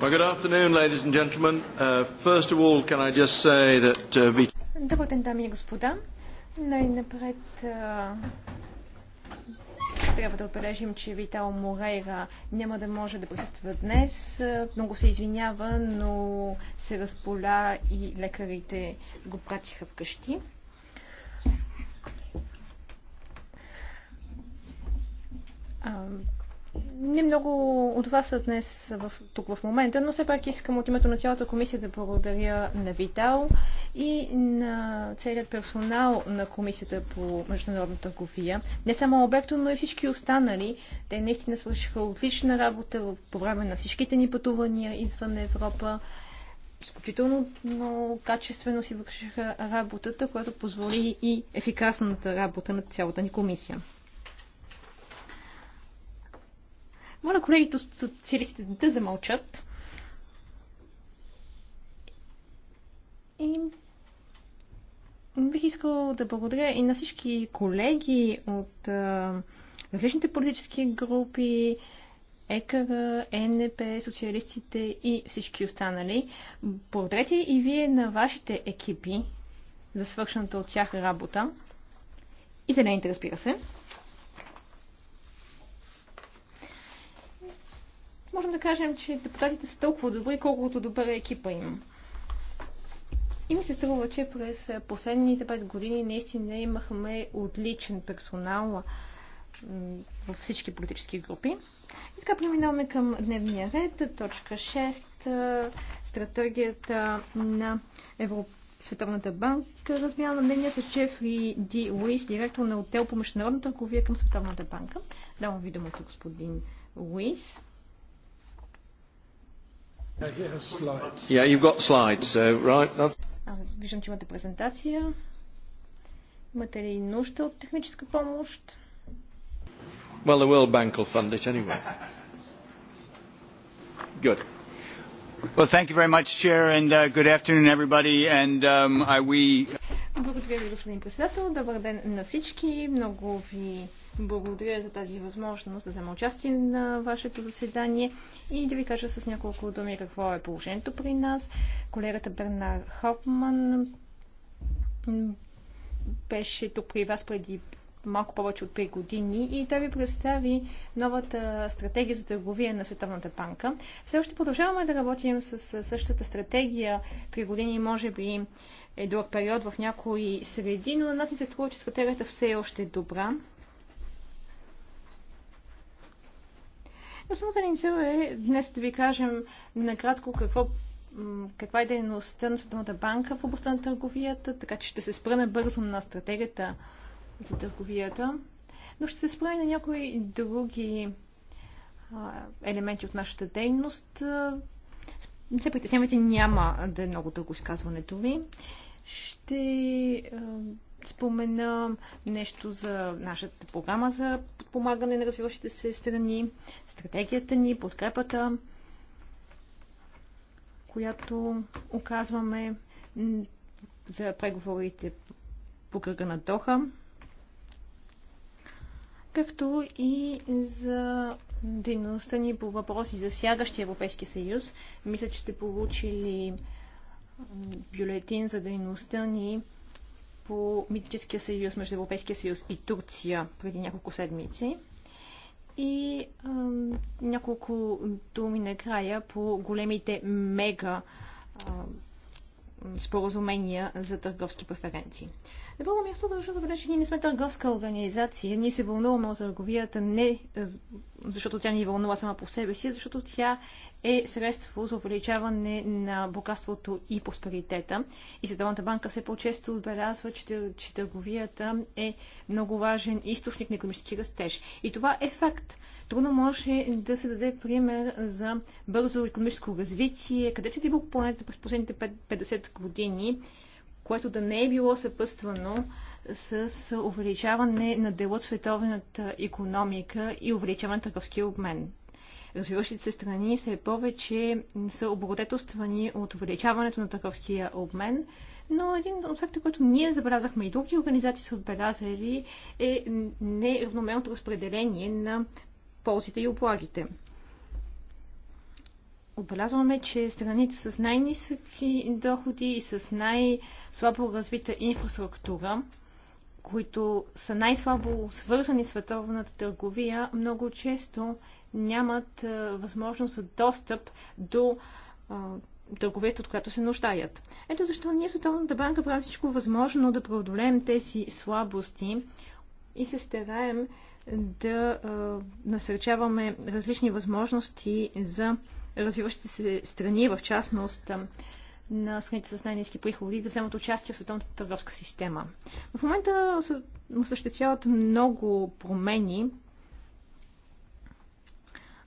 Добър ден, дами и господа. Най-напред трябва да отбележим, че Витал Морейра няма да може да присъства днес. Много се извинява, но се разполя и лекарите го пратиха вкъщи. Не много от вас са днес в, тук в момента, но все пак искам от името на цялата комисия да благодаря на Витал и на целият персонал на комисията по международна търговия. Не само обекто, но и всички останали. Те наистина свършиха отлична работа по време на всичките ни пътувания извън Европа. Изключително качествено си вършиха работата, която позволи и ефикасната работа на цялата ни комисия. Моля колегите от социалистите да замълчат. И бих искал да благодаря и на всички колеги от а, различните политически групи, ЕКР, ЕНП, социалистите и всички останали. Благодарете и вие на вашите екипи за свършената от тях работа. И зелените, разбира се. можем да кажем, че депутатите са толкова добри, колкото добър е екипа им. И ми се струва, че през последните 5 години наистина имахме отличен персонал във всички политически групи. И така преминаваме към дневния ред. Точка 6. Стратегията на Европа Световната банка размяна на мнение с Джефри Ди Луис, директор на отдел по международна търговия към Световната банка. Давам ви думата, господин Луис. Yeah, you've got slides, so, right, that's... А, виждам, че имате презентация. Имате ли нужда от техническа помощ? Well, the World Bank will fund it anyway. Good. Well, thank you very much, Chair, and uh, good afternoon, everybody. And um, I, we... Благодаря ви, господин председател. Добър ден на всички. Много ви благодаря за тази възможност да взема участие на вашето заседание и да ви кажа с няколко думи какво е положението при нас. Колегата Бернар Хопман беше тук при вас преди малко повече от 3 години и той ви представи новата стратегия за търговия на Световната банка. Все още продължаваме да работим с същата стратегия 3 години, може би е дълъг период в някои среди, но на нас се струва, че стратегията все е още добра. Основната ни цел е днес да ви кажем накратко какво каква е дейността на Световната банка в областта на търговията, така че ще се спра бързо на стратегията за търговията, но ще се спра на някои други елементи от нашата дейност. Не се притеснявайте, няма да е много дълго изказването ви. Ще спомена нещо за нашата програма за подпомагане на развиващите се страни, стратегията ни, подкрепата, която оказваме за преговорите по кръга на Доха, както и за дейността ни по въпроси за сягащия Европейски съюз. Мисля, че сте получили бюлетин за дейността ни по митическия съюз между Европейския съюз и Турция преди няколко седмици. И а, няколко думи накрая по големите мега а, споразумения за търговски преференции. На първо място държа да бъде, че ние не сме търговска организация. Ние се вълнуваме от търговията не защото тя ни е вълнува сама по себе си, защото тя е средство за увеличаване на богатството и просперитета. И Световната банка все по-често отбелязва, че, че търговията е много важен източник на економически растеж. И това е факт. Трудно може да се даде пример за бързо економическо развитие, където и било планета през последните 50 години което да не е било съпъствано с увеличаване на дело от световната економика и увеличаване на търговския обмен. Развиващите се страни все повече са облагодетелствани от увеличаването на търговския обмен, но един от факта, който ние забелязахме и други организации са отбелязали, е неравномерното разпределение на ползите и облагите. Отбелязваме, че страните с най-низки доходи и с най-слабо развита инфраструктура, които са най-слабо свързани с световната търговия, много често нямат възможност за достъп до търговията, от която се нуждаят. Ето защо ние Световната банка прави всичко възможно да преодолеем тези слабости и се стараем да насърчаваме различни възможности за развиващите се страни, в частност на страните с най-низки приходи да вземат участие в световната търговска система. В момента се осъществяват много промени.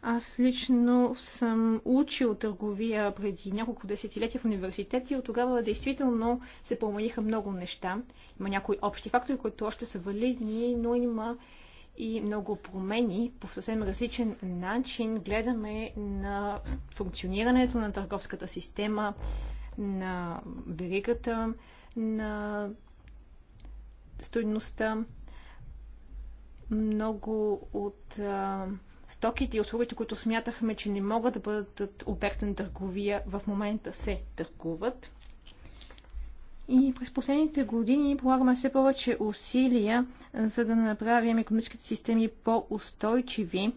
Аз лично съм учил търговия преди няколко десетилетия в университет и от тогава действително се промениха много неща. Има някои общи фактори, които още са валидни, но има и много промени по съвсем различен начин гледаме на функционирането на търговската система, на веригата, на стоеността. Много от а, стоките и услугите, които смятахме, че не могат да бъдат обект на търговия, в момента се търгуват. И през последните години полагаме все повече усилия, за да направим економическите системи по-устойчиви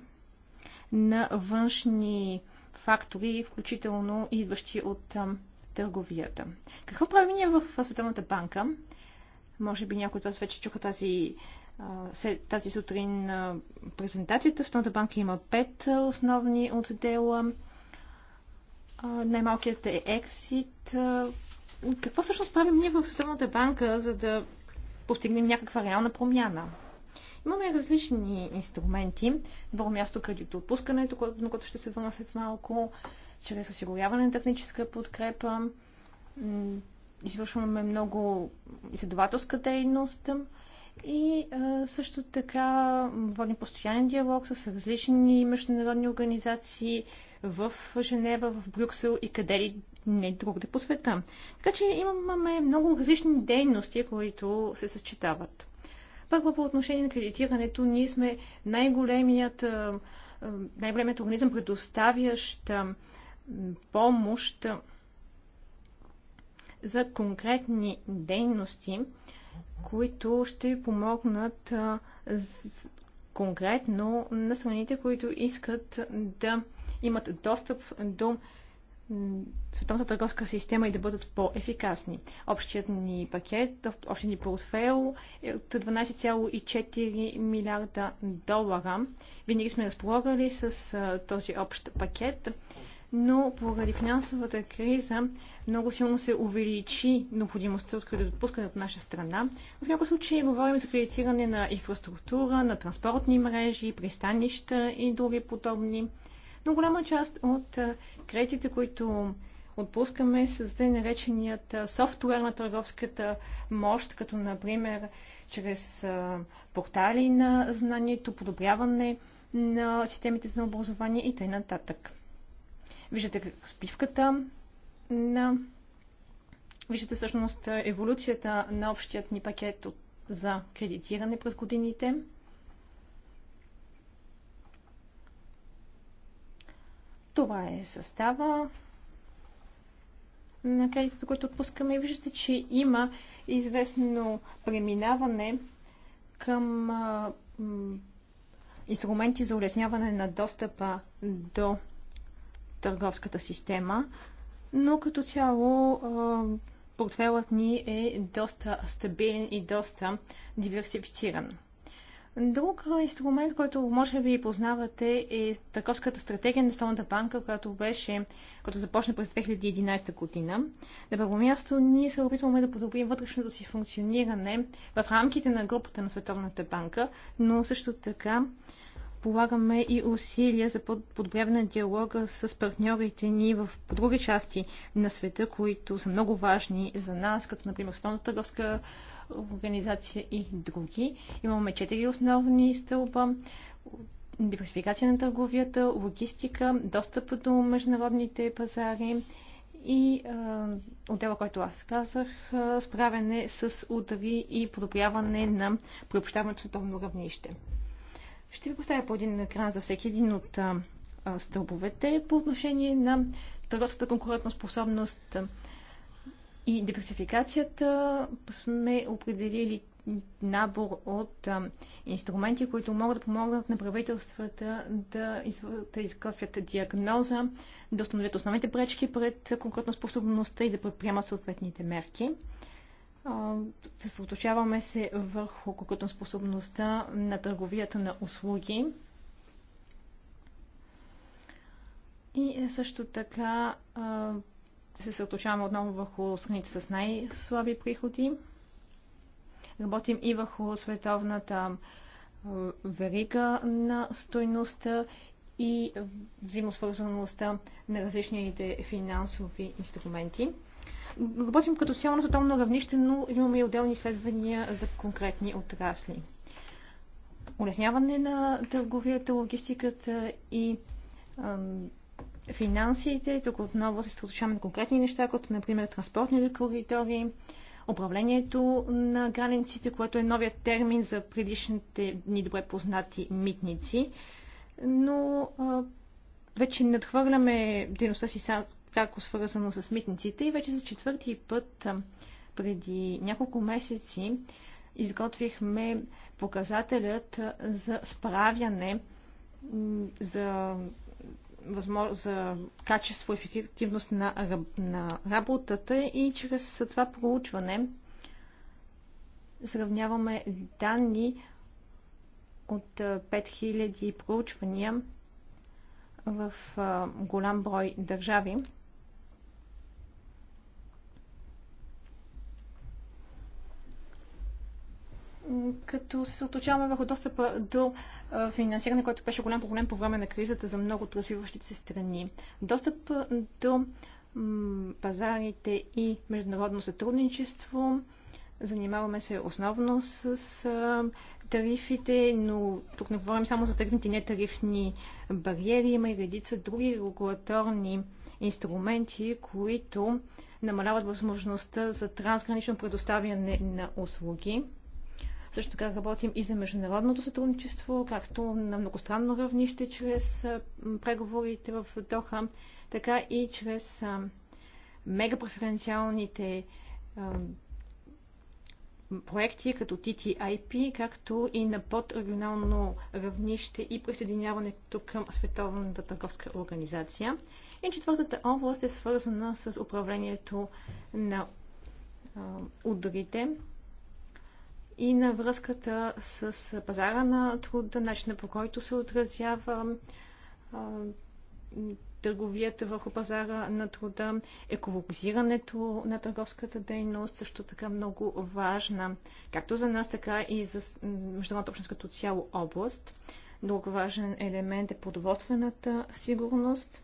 на външни фактори, включително идващи от търговията. Какво правим ние в Световната банка? Може би някои от вас вече чуха тази, тази сутрин на презентацията. Световната банка има пет основни отдела. Най-малкият е Exit, какво всъщност правим ние в Световната банка, за да постигнем някаква реална промяна? Имаме различни инструменти. Добро място кредито отпускането, на което ще се върна след малко, чрез осигуряване на техническа подкрепа. Извършваме много изследователска дейност и също така водим постоянен диалог с различни международни организации, в Женева, в Брюксел и къде ли не другаде по света. Така че имаме много различни дейности, които се съчетават. Първо по отношение на кредитирането, ние сме най-големият, най-големият организъм, предоставящ помощ за конкретни дейности, които ще помогнат конкретно на страните, които искат да имат достъп до световната търговска система и да бъдат по-ефикасни. Общият ни пакет, общият ни портфел е от 12,4 милиарда долара. Винаги сме разполагали с този общ пакет, но поради финансовата криза много силно се увеличи необходимостта от кредитопускане от наша страна. В някои случаи говорим за кредитиране на инфраструктура, на транспортни мрежи, пристанища и други подобни но голяма част от кредитите, които отпускаме с тъй нареченият софтуер на търговската мощ, като например чрез портали на знанието, подобряване на системите за образование и т.н. Виждате спивката на... Виждате всъщност еволюцията на общият ни пакет за кредитиране през годините. Това е състава на кредитите, които отпускаме. И виждате, че има известно преминаване към инструменти за улесняване на достъпа до търговската система, но като цяло портфелът ни е доста стабилен и доста диверсифициран. Друг инструмент, който може би познавате е търговската стратегия на Столната банка, която беше, като започна през 2011 година. На първо място ние се опитваме да подобрим вътрешното си функциониране в рамките на групата на Световната банка, но също така полагаме и усилия за подобряване на диалога с партньорите ни в други части на света, които са много важни за нас, като например Столната търговска организация и други. Имаме четири основни стълба диверсификация на търговията, логистика, достъп до международните пазари и е, отдела, който аз казах, е, справяне с удари и подобряване на приобщаването световно равнище. Ще ви поставя по един екран за всеки един от е, стълбовете по отношение на търговската конкурентоспособност. способност и диверсификацията сме определили набор от а, инструменти, които могат да помогнат на правителствата да, изв... да изготвят диагноза, да установят основните пречки пред конкретно способността и да предприемат съответните мерки. Съсредоточаваме се върху конкретно способността на търговията на услуги. И е, също така а, се съсредоточаваме отново върху страните с най-слаби приходи. Работим и върху световната верига на стойността и взаимосвързаността на различните финансови инструменти. Работим като цяло на тотално равнище, но имаме и отделни изследвания за конкретни отрасли. Улесняване на търговията, логистиката и финансите. Тук отново се съсредоточаваме на конкретни неща, като например транспортните коридори, управлението на границите, което е новият термин за предишните ни добре познати митници. Но а, вече надхвърляме дейността си пряко свързано с митниците и вече за четвърти път преди няколко месеци изготвихме показателят за справяне за за качество и ефективност на, на работата и чрез това проучване сравняваме данни от 5000 проучвания в голям брой държави. като се съоточаваме върху достъпа до финансиране, което беше голям проблем по време на кризата за много от развиващите се страни. Достъп до пазарите и международно сътрудничество. Занимаваме се основно с тарифите, но тук не говорим само за тарифните нетарифни бариери. Има и редица други регулаторни инструменти, които намаляват възможността за трансгранично предоставяне на услуги. Също така работим и за международното сътрудничество, както на многостранно равнище, чрез преговорите в Доха, така и чрез мегапреференциалните проекти като TTIP, както и на подрегионално равнище и присъединяването към Световната търговска организация. И четвъртата област е свързана с управлението на ударите, и на връзката с пазара на труда, начина по който се отразява търговията върху пазара на труда, екологизирането на търговската дейност, също така много важна, както за нас, така и за международната общност като цяло област. Друг важен елемент е продоволствената сигурност.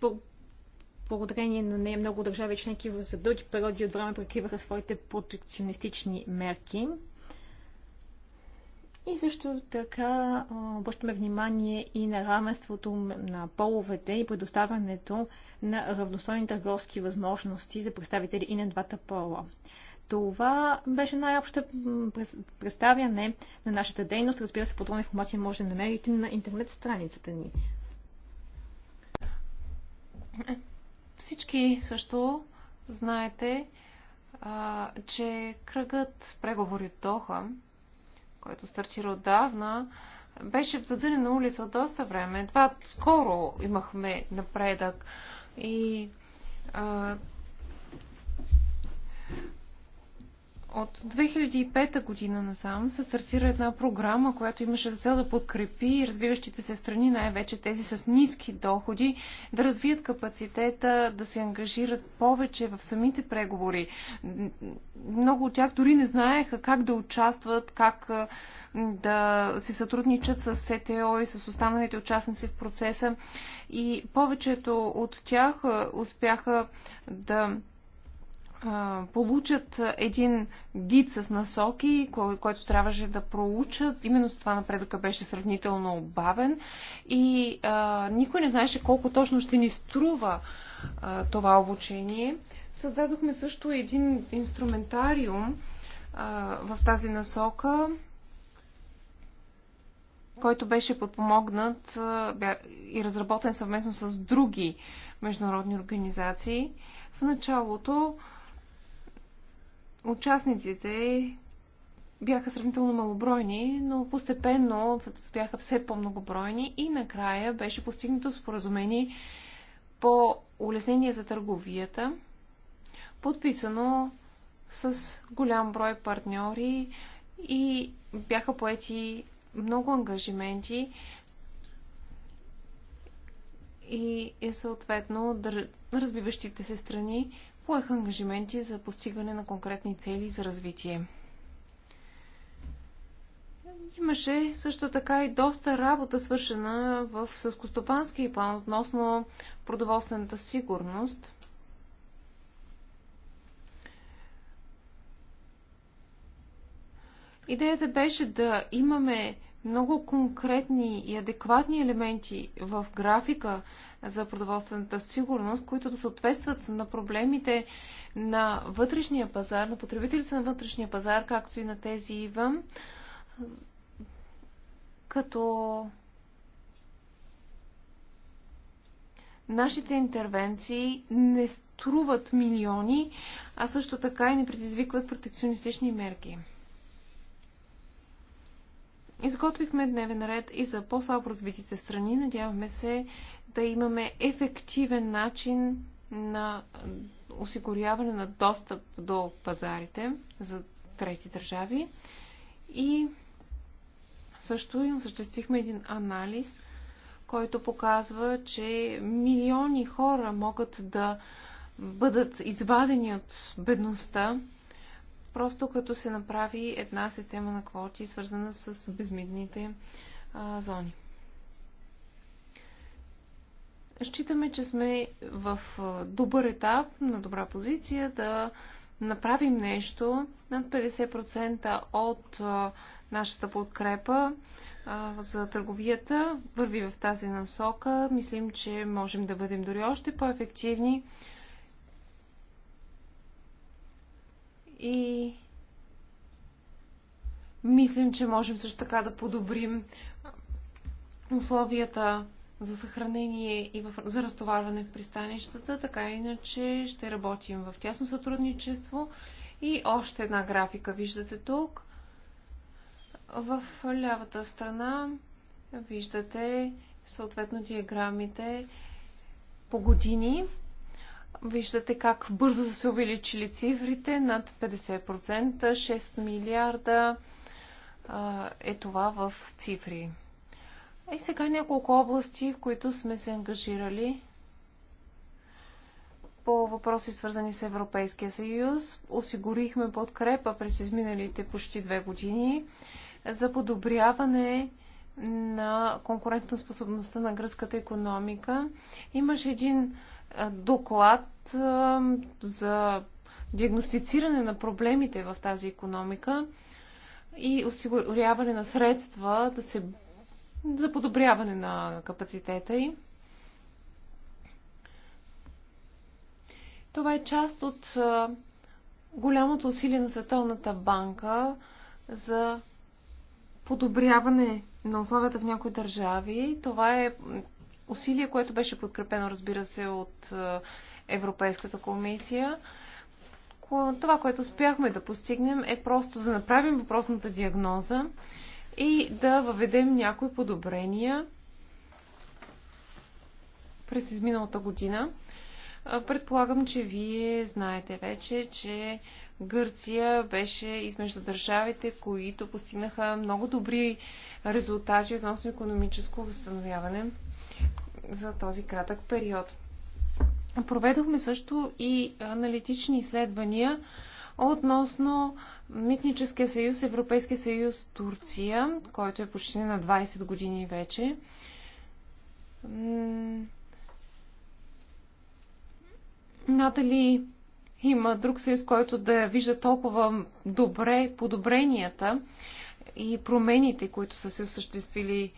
По благодарение на нея много държави членки за задълги периоди от време прикриваха своите протекционистични мерки. И също така обръщаме внимание и на равенството на половете и предоставянето на равностойни търговски възможности за представители и на двата пола. Това беше най-общо представяне на нашата дейност. Разбира се, подробна информация може да намерите на интернет страницата ни. Всички също знаете, а, че кръгът с преговори от Доха, който стартира отдавна, беше в задънена улица доста време. Това скоро имахме напредък и а, От 2005 година насам се стартира една програма, която имаше за цел да подкрепи развиващите се страни, най-вече тези с ниски доходи, да развият капацитета, да се ангажират повече в самите преговори. Много от тях дори не знаеха как да участват, как да се сътрудничат с СТО и с останалите участници в процеса. И повечето от тях успяха да получат един гид с насоки, кой, който трябваше да проучат. Именно с това напредъка беше сравнително бавен и а, никой не знаеше колко точно ще ни струва а, това обучение. Създадохме също един инструментариум а, в тази насока, който беше подпомогнат а, и разработен съвместно с други международни организации. В началото а, участниците бяха сравнително малобройни, но постепенно бяха все по-многобройни и накрая беше постигнато споразумение по улеснение за търговията, подписано с голям брой партньори и бяха поети много ангажименти и, и съответно разбиващите се страни поеха ангажименти за постигане на конкретни цели за развитие. Имаше също така и доста работа свършена в съскостопански план относно продоволствената сигурност. Идеята беше да имаме много конкретни и адекватни елементи в графика за продоволствената сигурност, които да съответстват на проблемите на вътрешния пазар, на потребителите на вътрешния пазар, както и на тези вън, като нашите интервенции не струват милиони, а също така и не предизвикват протекционистични мерки. Изготвихме дневен ред и за по-слабо развитите страни. Надяваме се да имаме ефективен начин на осигуряване на достъп до пазарите за трети държави. И също и осъществихме един анализ, който показва, че милиони хора могат да бъдат извадени от бедността просто като се направи една система на квоти, свързана с безмидните а, зони. Считаме, че сме в добър етап, на добра позиция да направим нещо. Над 50% от а, нашата подкрепа а, за търговията върви в тази насока. Мислим, че можем да бъдем дори още по-ефективни И мислим, че можем също така да подобрим условията за съхранение и в, за разтоварване в пристанищата. Така или иначе ще работим в тясно сътрудничество. И още една графика виждате тук. В лявата страна виждате съответно диаграмите по години Виждате как бързо са се увеличили цифрите над 50%, 6 милиарда е това в цифри. И е, сега няколко области, в които сме се ангажирали по въпроси свързани с Европейския съюз. Осигурихме подкрепа през изминалите почти две години за подобряване на конкурентоспособността на гръцката економика. Имаше един доклад за диагностициране на проблемите в тази економика и осигуряване на средства да се, за подобряване на капацитета й. Това е част от голямото усилие на Световната банка за подобряване на условията в някои държави. Това е усилие, което беше подкрепено, разбира се, от е, Европейската комисия. Това, което успяхме да постигнем е просто да направим въпросната диагноза и да въведем някои подобрения през изминалата година. Е, предполагам, че вие знаете вече, че Гърция беше измежду държавите, които постигнаха много добри резултати относно економическо възстановяване за този кратък период. Проведохме също и аналитични изследвания относно Митническия съюз, Европейския съюз, Турция, който е почти на 20 години вече. Натали има друг съюз, който да вижда толкова добре подобренията и промените, които са се осъществили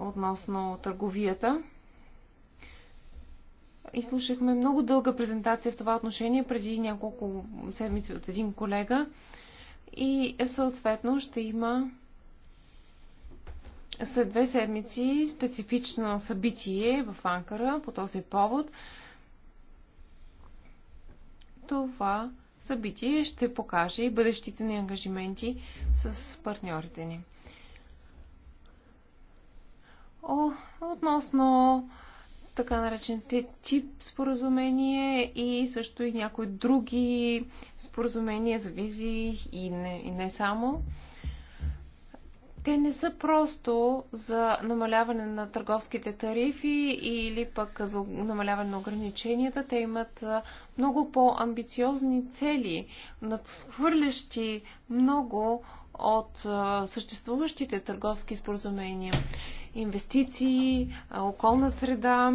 относно търговията. И слушахме много дълга презентация в това отношение преди няколко седмици от един колега. И съответно ще има след две седмици специфично събитие в Анкара по този повод. Това събитие ще покаже и бъдещите ни ангажименти с партньорите ни. О, относно така наречените тип споразумение и също и някои други споразумения за визи и не, и не само. Те не са просто за намаляване на търговските тарифи или пък за намаляване на ограниченията. Те имат много по-амбициозни цели, надхвърлящи много от съществуващите търговски споразумения инвестиции, околна среда.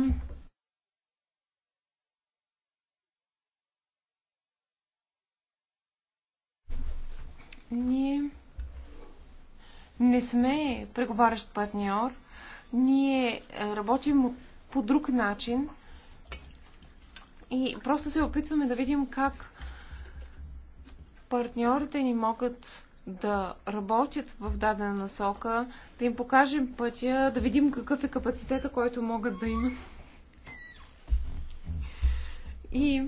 Ние не сме преговарящ партньор. Ние е, работим по друг начин и просто се опитваме да видим как партньорите ни могат да работят в дадена насока, да им покажем пътя, да видим какъв е капацитета, който могат да имат. И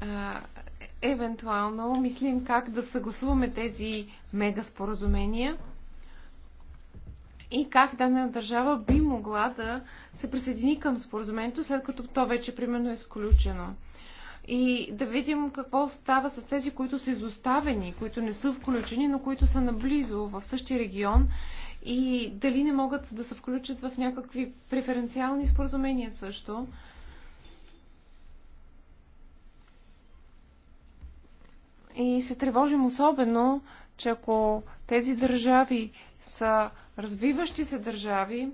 а, евентуално мислим как да съгласуваме тези мега споразумения и как дадена държава би могла да се присъедини към споразумението, след като то вече примерно е изключено и да видим какво става с тези, които са изоставени, които не са включени, но които са наблизо в същия регион и дали не могат да се включат в някакви преференциални споразумения също. И се тревожим особено, че ако тези държави са развиващи се държави,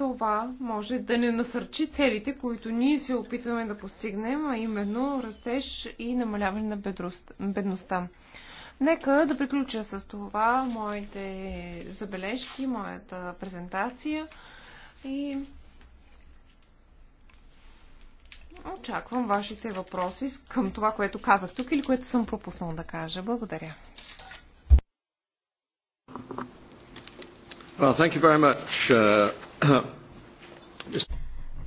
това може да не насърчи целите, които ние се опитваме да постигнем, а именно растеж и намаляване на бедността. Нека да приключа с това моите забележки, моята презентация и очаквам вашите въпроси към това, което казах тук или което съм пропуснал да кажа. Благодаря. Well, thank you very much, uh...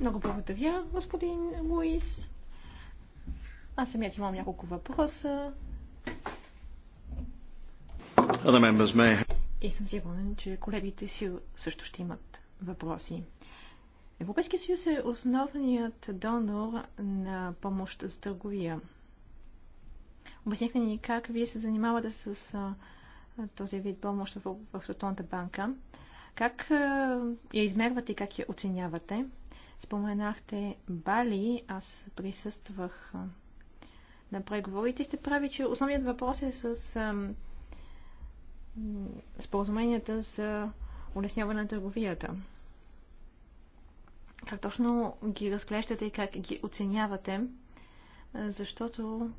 Много благодаря, господин Луис. Аз самият имам няколко въпроса. И съм сигурен, че колегите си също ще имат въпроси. Европейския съюз е основният донор на помощ за търговия. Обяснихте ни как вие се занимавате с този вид помощ в, в Световната банка. Как е, я измервате и как я оценявате? Споменахте Бали, аз присъствах е, на преговорите сте прави, че основният въпрос е с е, споразуменията за улесняване на търговията. Как точно ги разклещате и как ги оценявате? Защото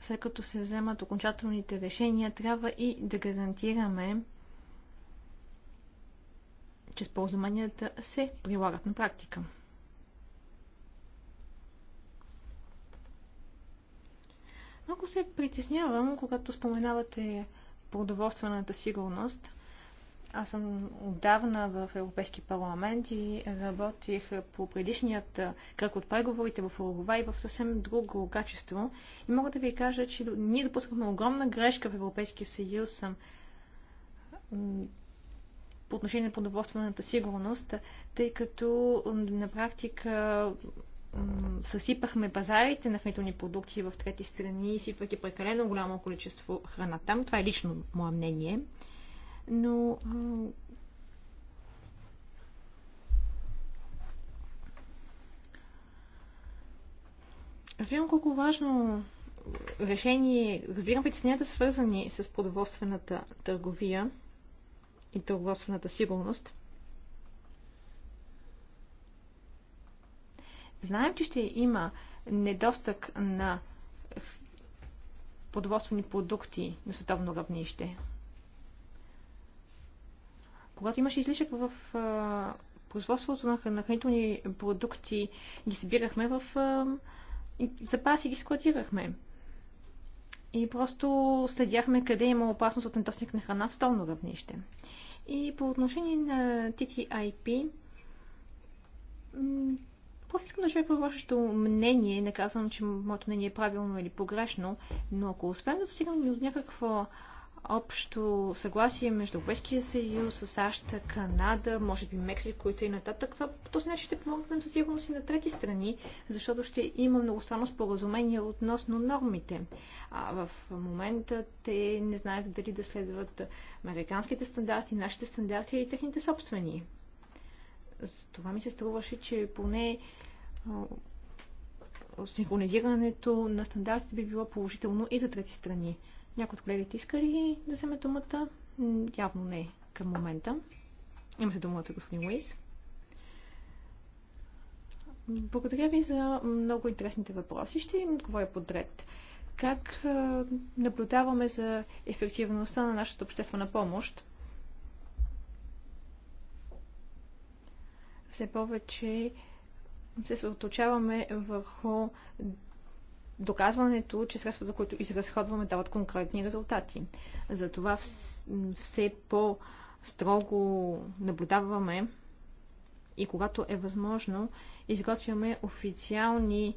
след като се вземат окончателните решения, трябва и да гарантираме че споразуменията се прилагат на практика. Много се притеснявам, когато споменавате продоволствената сигурност. Аз съм отдавна в Европейски парламент и работих по предишният кръг от преговорите в Уругвай в съвсем друго качество. И мога да ви кажа, че ние допускахме огромна грешка в Европейския съюз по отношение на продоволствената сигурност, тъй като на практика съсипахме пазарите на хранителни продукти в трети страни, сипвайки прекалено голямо количество храна там. Това е лично мое мнение. Но Разбирам колко важно решение, разбирам притесненията свързани с продоволствената търговия, и дългосвената сигурност. Знаем, че ще има недостъг на подводствени продукти на световно равнище. Когато имаше излишък в производството на хранителни продукти, ги събирахме в запаси и ги складирахме и просто следяхме къде има опасност от недостиг на храна световно равнище. И по отношение на TTIP, просто искам да чуя какво е вашето мнение. Не казвам, че моето мнение е правилно или погрешно, но ако успеем да достигнем до някаква общо съгласие между Европейския съюз, САЩ, Канада, може би Мексико и т.н. Това по този начин ще помогнем със сигурност и на трети страни, защото ще има многостранно споразумение относно нормите. А в момента те не знаят дали да следват американските стандарти, нашите стандарти или техните собствени. С това ми се струваше, че поне синхронизирането на стандартите би било положително и за трети страни. Някой от колегите иска ли да вземе думата? Явно не към момента. Има се думата, господин Уейс. Благодаря ви за много интересните въпроси. Ще им отговоря подред. Как наблюдаваме за ефективността на нашата обществена помощ? Все повече се съоточаваме върху доказването, че средствата, които изразходваме, дават конкретни резултати. Затова все по-строго наблюдаваме и когато е възможно, изготвяме официални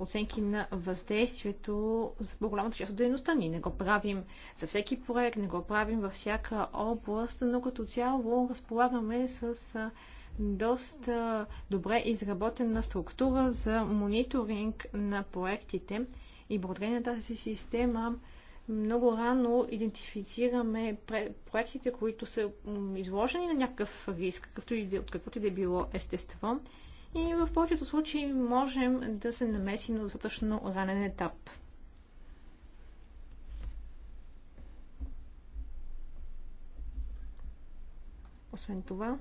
оценки на въздействието за по-голямата част от дейността ни. Не го правим за всеки проект, не го правим във всяка област, но като цяло разполагаме с доста добре изработена структура за мониторинг на проектите и благодарение на тази система много рано идентифицираме проектите, които са изложени на някакъв риск, какъвто и, от каквото и да е било естество. И в повечето случаи можем да се намесим на достатъчно ранен етап. Освен това,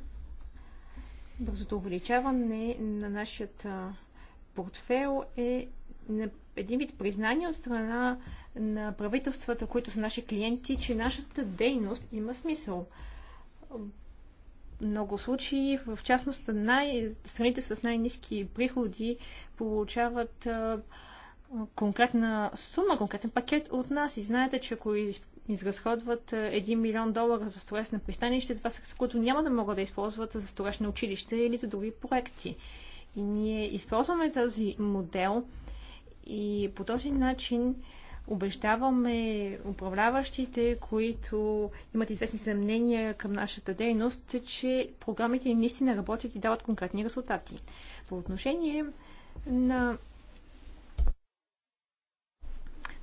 Бързото увеличаване на нашия портфел е един вид признание от страна на правителствата, които са наши клиенти, че нашата дейност има смисъл. Много случаи, в частност най- страните с най-низки приходи получават конкретна сума, конкретен пакет от нас и знаете, че ако изразходват 1 е, милион долара за строеж на пристанище, това са които няма да могат да използват за строеж на училище или за други проекти. И ние използваме този модел и по този начин убеждаваме управляващите, които имат известни съмнения към нашата дейност, че програмите наистина работят и дават конкретни резултати. По отношение на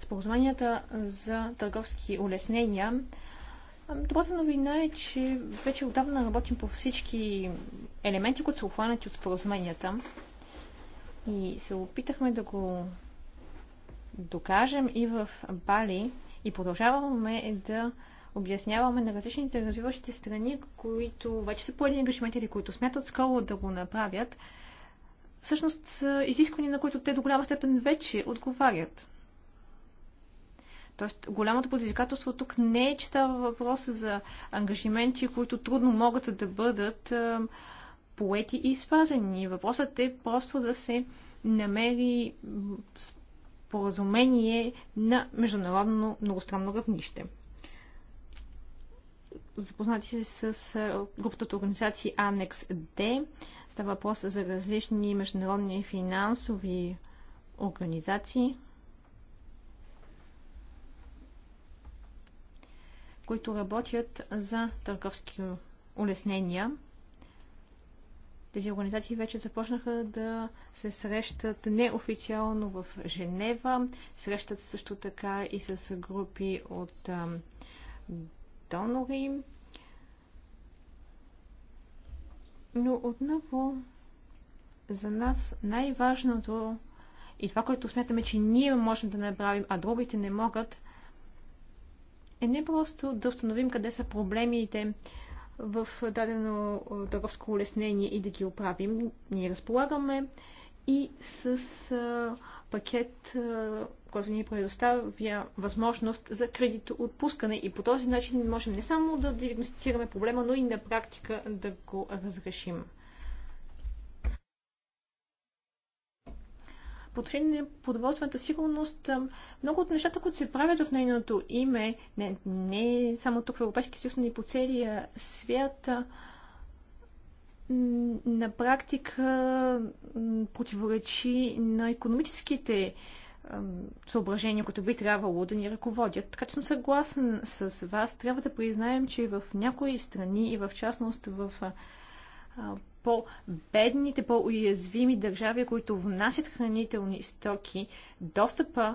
споразуменията за търговски улеснения. Добрата новина е, че вече отдавна работим по всички елементи, които са обхванати от споразуменията. И се опитахме да го докажем и в Бали. И продължаваме да обясняваме на различните развиващите страни, които вече са поели ангажименти или които смятат скоро да го направят, всъщност изисквания, на които те до голяма степен вече отговарят. Тоест, голямото предизвикателство тук не е, че става въпрос за ангажименти, които трудно могат да бъдат поети и спазени. Въпросът е просто да се намери споразумение на международно многостранно равнище. Запознати се с групата от организации Анекс Д. Става въпрос за различни международни финансови организации. които работят за търговски улеснения. Тези организации вече започнаха да се срещат неофициално в Женева. Срещат също така и с групи от донори. Но отново за нас най-важното и това, което смятаме, че ние можем да направим, а другите не могат, е не просто да установим къде са проблемите в дадено търговско улеснение и да ги оправим. Ние разполагаме и с пакет, който ни предоставя възможност за кредитоотпускане. И по този начин можем не само да диагностицираме проблема, но и на практика да го разрешим. по на продоволствената сигурност, много от нещата, които се правят в нейното име, не, не само тук в Европейския съюз, но и по целия свят, на практика противоречи на економическите съображения, които би трябвало да ни ръководят. Така че съм съгласен с вас. Трябва да признаем, че в някои страни и в частност в по-бедните, по-уязвими държави, които внасят хранителни стоки, достъпа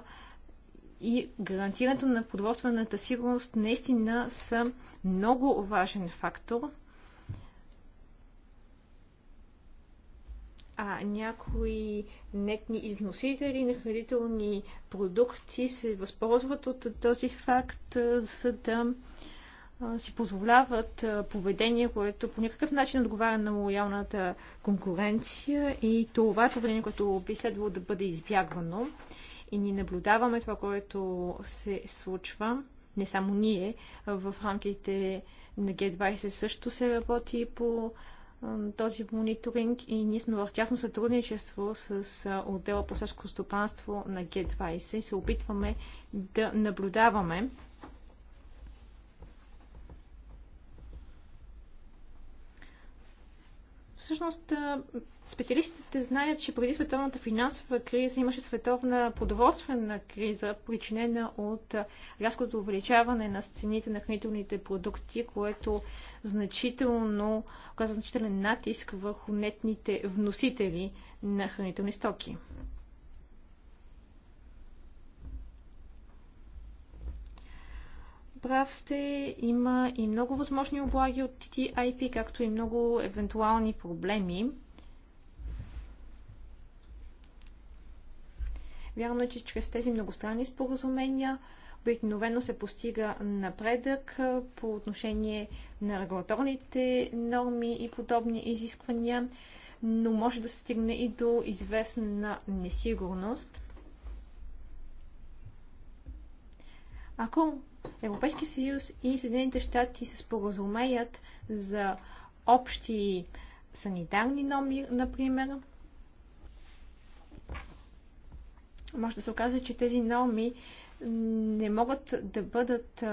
и гарантирането на продоволствената сигурност наистина са много важен фактор. а, някои нетни износители на хранителни продукти се възползват от този факт, за да си позволяват поведение, което по никакъв начин отговаря на лоялната конкуренция и това е поведение, което би следвало да бъде избягвано. И ни наблюдаваме това, което се случва, не само ние, в рамките на G20 също се работи по този мониторинг и ние сме в тясно сътрудничество с отдела по селско стопанство на g 20 и се опитваме да наблюдаваме Всъщност, специалистите знаят, че преди световната финансова криза имаше световна продоволствена криза, причинена от рязкото увеличаване на цените на хранителните продукти, което значително оказа значителен натиск върху нетните вносители на хранителни стоки. прав сте, има и много възможни облаги от TTIP, както и много евентуални проблеми. Вярно е, че чрез тези многостранни споразумения обикновено се постига напредък по отношение на регулаторните норми и подобни изисквания, но може да се стигне и до известна несигурност. Ако Европейския съюз и Съединените щати се споразумеят за общи санитарни номи, например, може да се окаже, че тези норми не могат да бъдат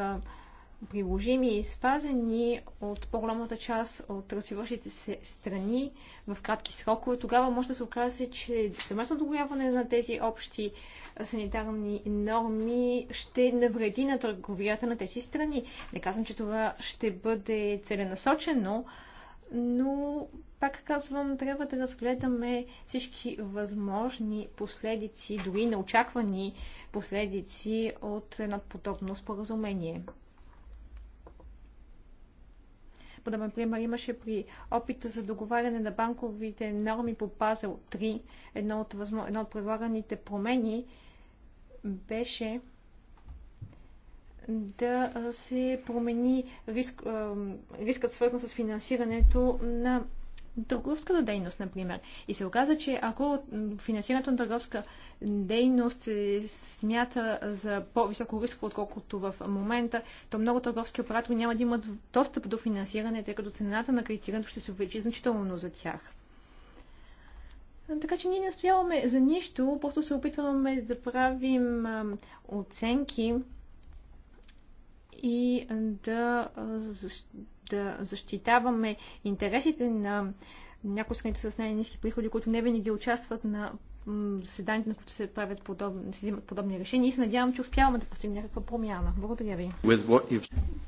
приложими и спазени от по-голямата част от развиващите се страни в кратки срокове, тогава може да се окаже, че съвместно договаряване на тези общи санитарни норми ще навреди на търговията на тези страни. Не казвам, че това ще бъде целенасочено, но пак казвам, трябва да разгледаме всички възможни последици, дори неочаквани последици от едно подобно споразумение. Подобен пример имаше при опита за договаряне на банковите норми по Пазел 3. Едно от, възмо... едно от предлаганите промени беше да се промени риск, рискът свързан с финансирането на търговската дейност, например. И се оказа, че ако финансирането на търговска дейност се смята за по-високо риско, отколкото в момента, то много търговски оператори няма да имат достъп до финансиране, тъй като цената на кредитирането ще се увеличи значително за тях. Така че ние не настояваме за нищо, просто се опитваме да правим оценки и да да защитаваме интересите на някои страните с най-низки приходи, които не винаги участват на заседанията, на които се, правят подобни, се взимат подобни решения и се надявам, че успяваме да постигнем някаква промяна. Благодаря ви.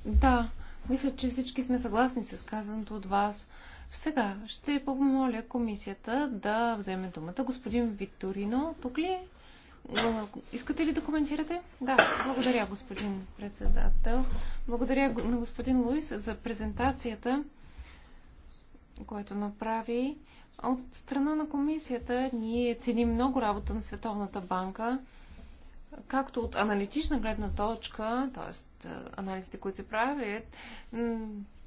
Да, мисля, че всички сме съгласни с казаното от вас. Сега ще помоля комисията да вземе думата. Господин Викторино, тук ли е? Искате ли да коментирате? Да, благодаря, господин председател. Благодаря на господин Луис за презентацията, която направи. От страна на комисията ние ценим много работа на Световната банка, както от аналитична гледна точка, т.е. анализите, които се правят,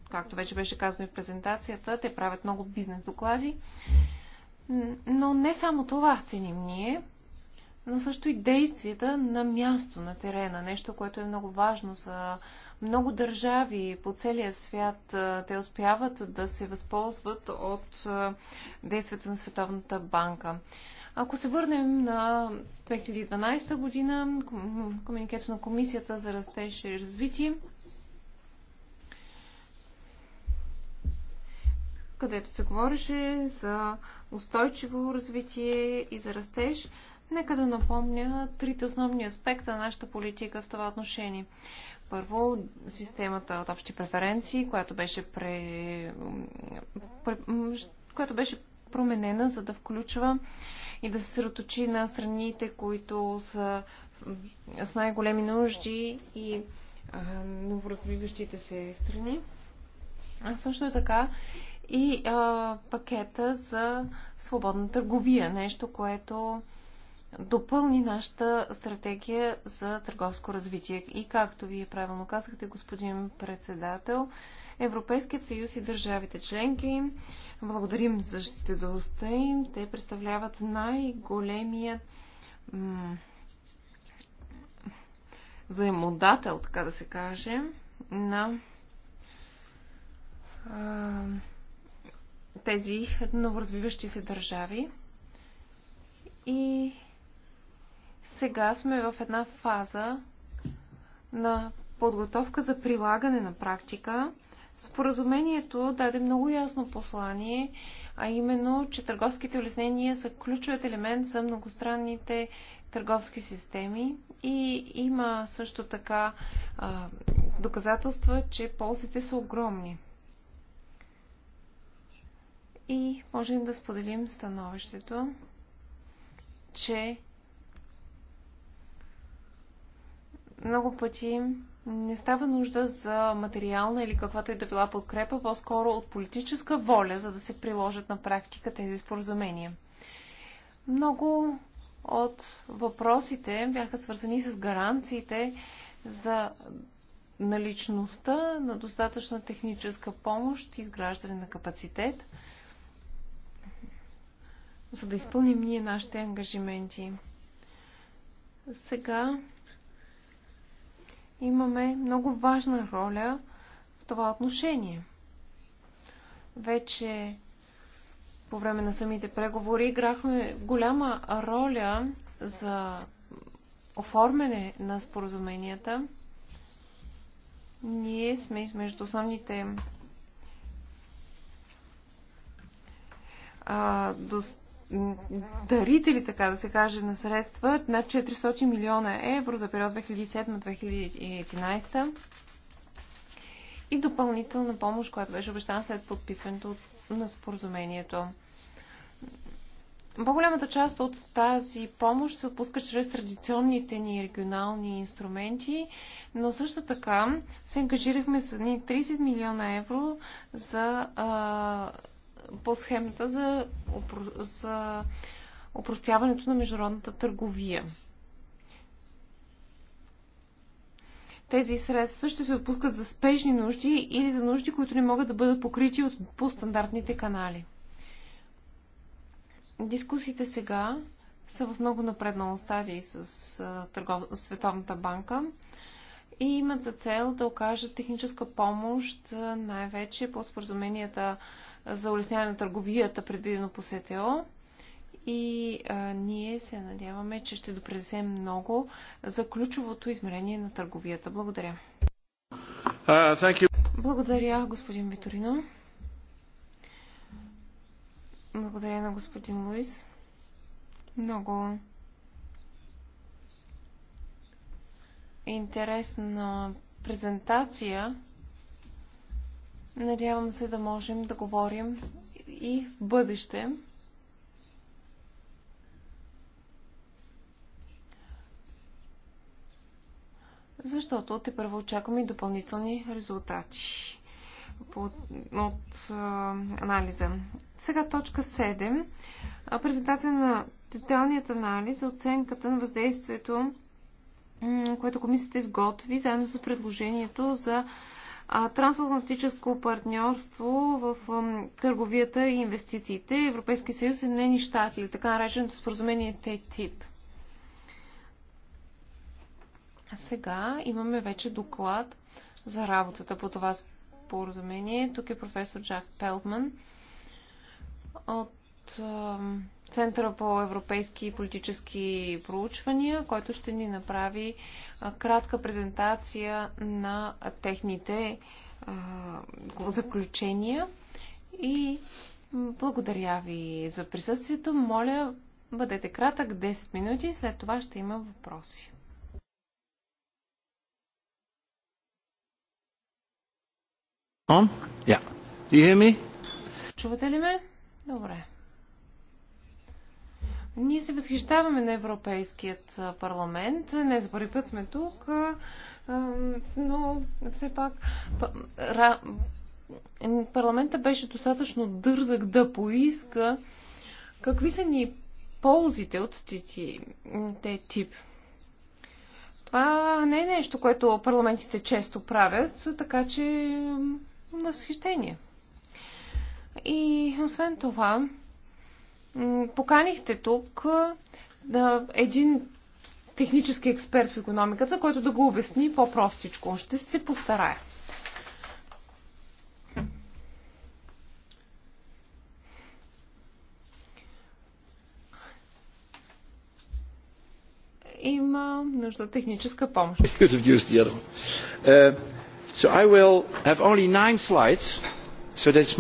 както вече беше казано и в презентацията, те правят много бизнес доклади. Но не само това ценим ние, но също и действията на място, на терена. Нещо, което е много важно за много държави по целия свят. Те успяват да се възползват от действията на Световната банка. Ако се върнем на 2012 година, комуникето на Комисията за растеж и развитие, където се говореше за устойчиво развитие и за растеж, Нека да напомня трите основни аспекта на нашата политика в това отношение. Първо, системата от общи преференции, която беше, пре... Пре... която беше променена, за да включва и да се сръточи на страните, които са с най-големи нужди и новоразвиващите се страни. А също е така и а, пакета за свободна търговия, нещо, което допълни нашата стратегия за търговско развитие. И както вие правилно казахте, господин председател, Европейският съюз и държавите членки, благодарим за щедростта им, те представляват най-големият заемодател, така да се каже, на а, тези новоразвиващи се държави. И сега сме в една фаза на подготовка за прилагане на практика. Споразумението даде много ясно послание, а именно, че търговските улеснения са ключовият елемент за многостранните търговски системи и има също така а, доказателства, че ползите са огромни. И можем да споделим становището, че много пъти не става нужда за материална или каквато и да била подкрепа, по-скоро от политическа воля, за да се приложат на практика тези споразумения. Много от въпросите бяха свързани с гаранциите за наличността на достатъчна техническа помощ и изграждане на капацитет, за да изпълним ние нашите ангажименти. Сега имаме много важна роля в това отношение. Вече по време на самите преговори играхме голяма роля за оформяне на споразуменията. Ние сме измежду основните а, дост дарители, така да се каже, на средства над 400 милиона евро за период 2007-2011 и допълнителна помощ, която беше обещана след подписването на споразумението. По-голямата част от тази помощ се отпуска чрез традиционните ни регионални инструменти, но също така се ангажирахме с 30 милиона евро за а, по схемата за, за упростяването на международната търговия. Тези средства ще се отпускат за спешни нужди или за нужди, които не могат да бъдат покрити от, по стандартните канали. Дискусиите сега са в много напреднало стадии с търгов... Световната банка и имат за цел да окажат техническа помощ най-вече по споразуменията за улесняване на търговията, предвидено по СТО. И а, ние се надяваме, че ще допредесем много за ключовото измерение на търговията. Благодаря. Uh, Благодаря, господин Виторино. Благодаря на господин Луис. Много интересна презентация Надявам се да можем да говорим и в бъдеще. Защото те първо очакваме и допълнителни резултати от, анализа. Сега точка 7. Презентация на детайлният анализ, оценката на въздействието, което комисията изготви, заедно с предложението за трансатлантическо партньорство в търговията и инвестициите, Европейски съюз, Съединени щати или така нареченото споразумение ТТИП. Сега имаме вече доклад за работата по това споразумение. Тук е професор Джак Пелтман от Центъра по европейски и политически проучвания, който ще ни направи кратка презентация на техните заключения. И благодаря ви за присъствието. Моля, бъдете кратък, 10 минути, след това ще има въпроси. Yeah. Чувате ли ме? Добре. Ние се възхищаваме на Европейският парламент. Не за първи път сме тук, но все пак парламента беше достатъчно дързък да поиска какви са ни ползите от тези тип. Това не е нещо, което парламентите често правят, така че възхищение. И освен това, поканихте тук да, един технически експерт в економиката, който да го обясни по-простичко. Ще се постарая. Има нужда от техническа помощ.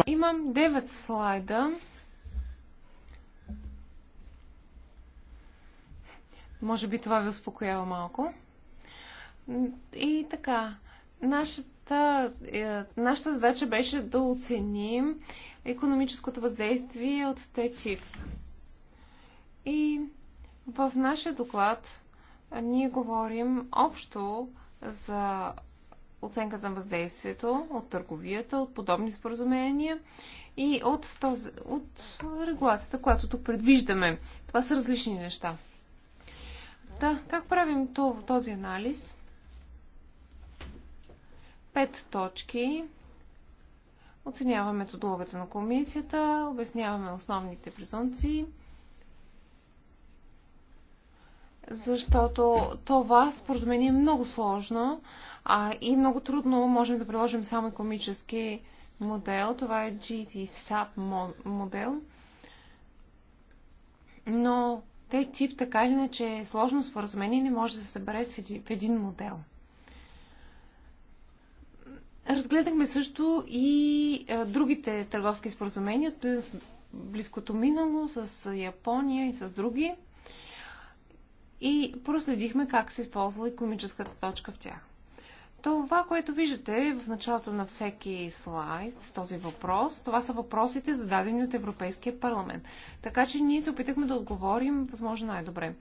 Имам 9 слайда. Може би това ви успокоява малко. И така, нашата, е, нашата задача беше да оценим економическото въздействие от ТТИП. И в нашия доклад ние говорим общо за оценка за въздействието от търговията, от подобни споразумения и от, този, от регулацията, която тук предвиждаме. Това са различни неща. Да, как правим то, този анализ? Пет точки. Оценяваме методологата на комисията, обясняваме основните презумпции, защото това споразумение е много сложно а, и много трудно можем да приложим само економически модел. Това е GT модел. Но те тип така или иначе е сложно споразумение не може да се събере в един модел. Разгледахме също и другите търговски споразумения от близкото минало с Япония и с други и проследихме как се използва економическата точка в тях. Това, което виждате в началото на всеки слайд с този въпрос, това са въпросите зададени от Европейския парламент. Така че ние се опитахме да отговорим възможно най-добре.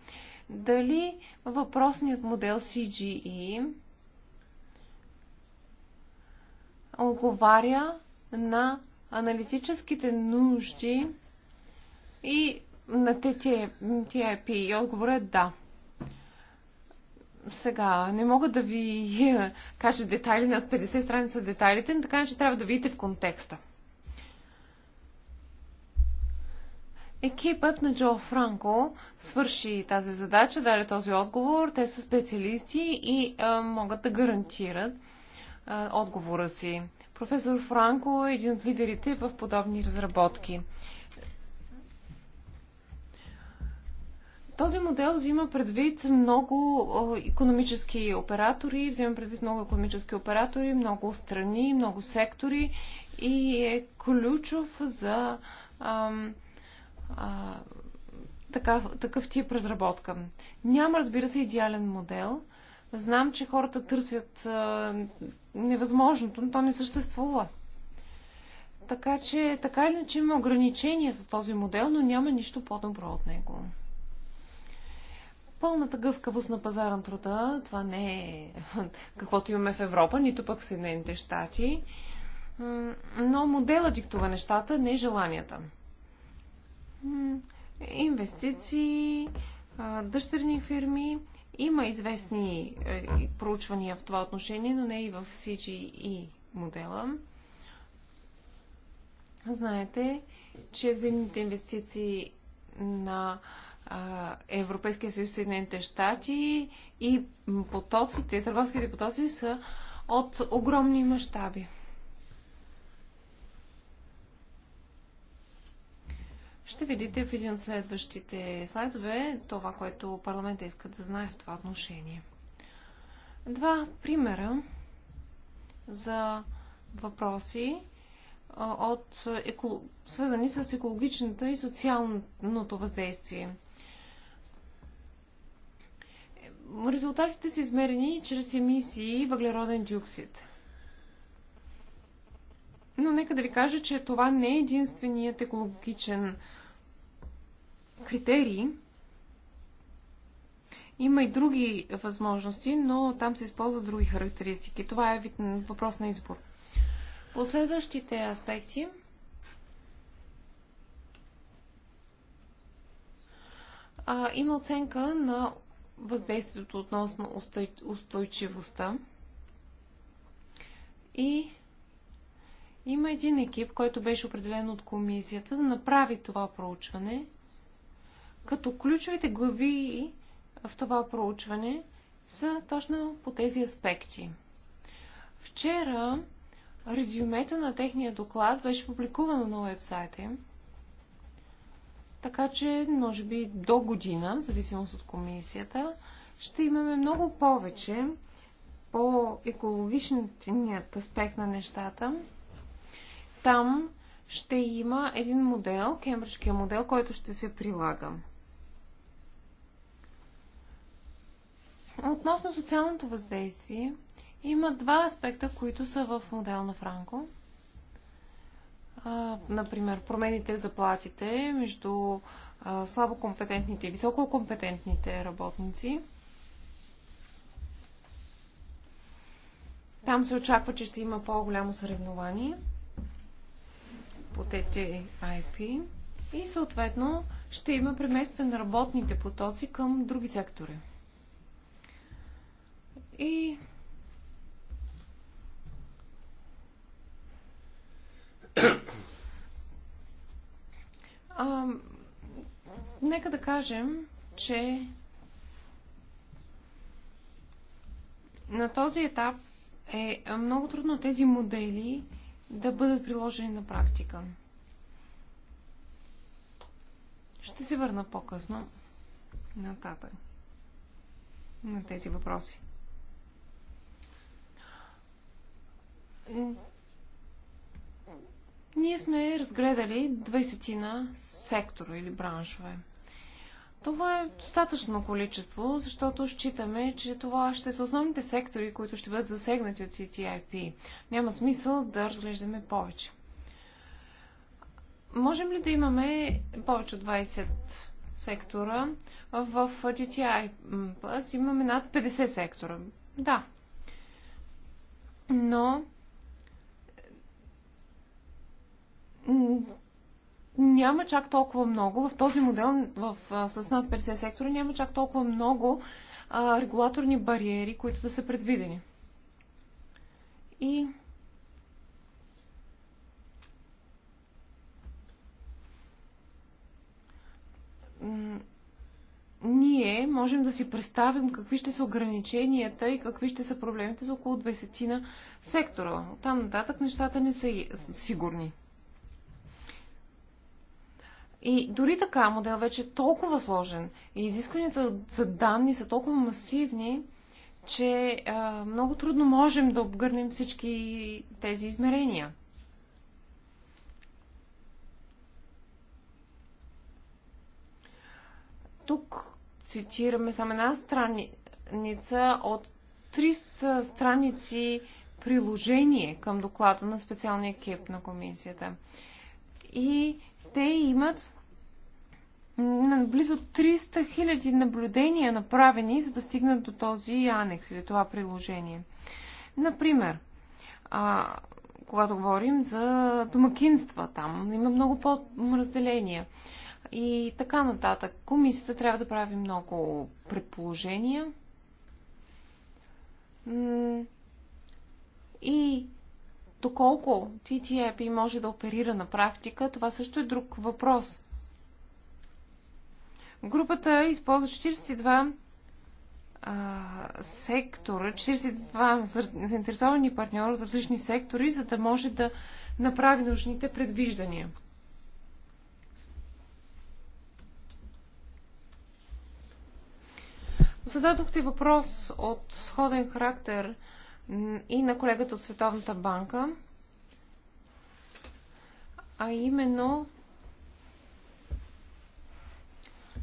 Дали въпросният модел CGE отговаря на аналитическите нужди и на TTIP? И отговорът е да сега, не мога да ви кажа детайли над 50 страница детайлите, но така че трябва да видите в контекста. Екипът на Джо Франко свърши тази задача, даде този отговор. Те са специалисти и а, могат да гарантират а, отговора си. Професор Франко е един от лидерите в подобни разработки. Този модел взима предвид много економически оператори, взима предвид много економически оператори, много страни, много сектори и е ключов за ам, а, такъв, такъв тип разработка. Няма, разбира се, идеален модел. Знам, че хората търсят а, невъзможното, но то не съществува. Така че, така или иначе има ограничения с този модел, но няма нищо по-добро от него. Пълната гъвкавост на пазара на труда, това не е каквото имаме в Европа, нито пък в Съединените щати. Но модела диктува нещата, не желанията. Инвестиции, дъщерни фирми. Има известни е, проучвания в това отношение, но не и в CGI e модела. Знаете, че взаимните инвестиции на Европейския съюз, Съединените щати и потоците, търговските потоци са от огромни мащаби. Ще видите в един от следващите слайдове това, което парламента иска да знае в това отношение. Два примера за въпроси, от, свързани с екологичната и социалното въздействие резултатите са измерени чрез емисии въглероден диоксид. Но нека да ви кажа, че това не е единственият екологичен критерий. Има и други възможности, но там се използват други характеристики. Това е въпрос на избор. Последващите аспекти а, има оценка на въздействието относно устойчивостта. И има един екип, който беше определен от комисията да направи това проучване, като ключовите глави в това проучване са точно по тези аспекти. Вчера резюмето на техния доклад беше публикувано на уебсайта им така че, може би до година, в зависимост от комисията, ще имаме много повече по екологичният аспект на нещата. Там ще има един модел, кембриджкия модел, който ще се прилага. Относно социалното въздействие, има два аспекта, които са в модел на Франко – например, промените в заплатите между слабокомпетентните и висококомпетентните работници. Там се очаква, че ще има по-голямо съревнование по TTIP и съответно ще има преместване на работните потоци към други сектори. И нека да кажем, че на този етап е много трудно тези модели да бъдат приложени на практика. Ще се върна по-късно нататък на тези въпроси. Ние сме разгледали 20 на сектора или браншове. Това е достатъчно количество, защото считаме, че това ще са основните сектори, които ще бъдат засегнати от TTIP. Няма смисъл да разглеждаме повече. Можем ли да имаме повече от 20 сектора? В GTI Plus имаме над 50 сектора. Да. Но няма чак толкова много, в този модел в, с над 50 сектора няма чак толкова много а, регулаторни бариери, които да са предвидени. И ние можем да си представим какви ще са ограниченията и какви ще са проблемите за около 20 сектора. Там нататък нещата не са сигурни. И дори така модел вече е толкова сложен и изискванията за данни са толкова масивни, че а, много трудно можем да обгърнем всички тези измерения. Тук цитираме само една страница от 300 страници приложение към доклада на специалния екип на комисията. И те имат на близо 300 хиляди наблюдения направени, за да стигнат до този анекс или това приложение. Например, а, когато говорим за домакинства, там има много по-разделения и така нататък. Комисията трябва да прави много предположения. И доколко TTIP може да оперира на практика, това също е друг въпрос – Групата използва 42 сектора, 42 заинтересовани партньори от различни сектори, за да може да направи нужните предвиждания. Зададохте въпрос от сходен характер и на колегата от Световната банка, а именно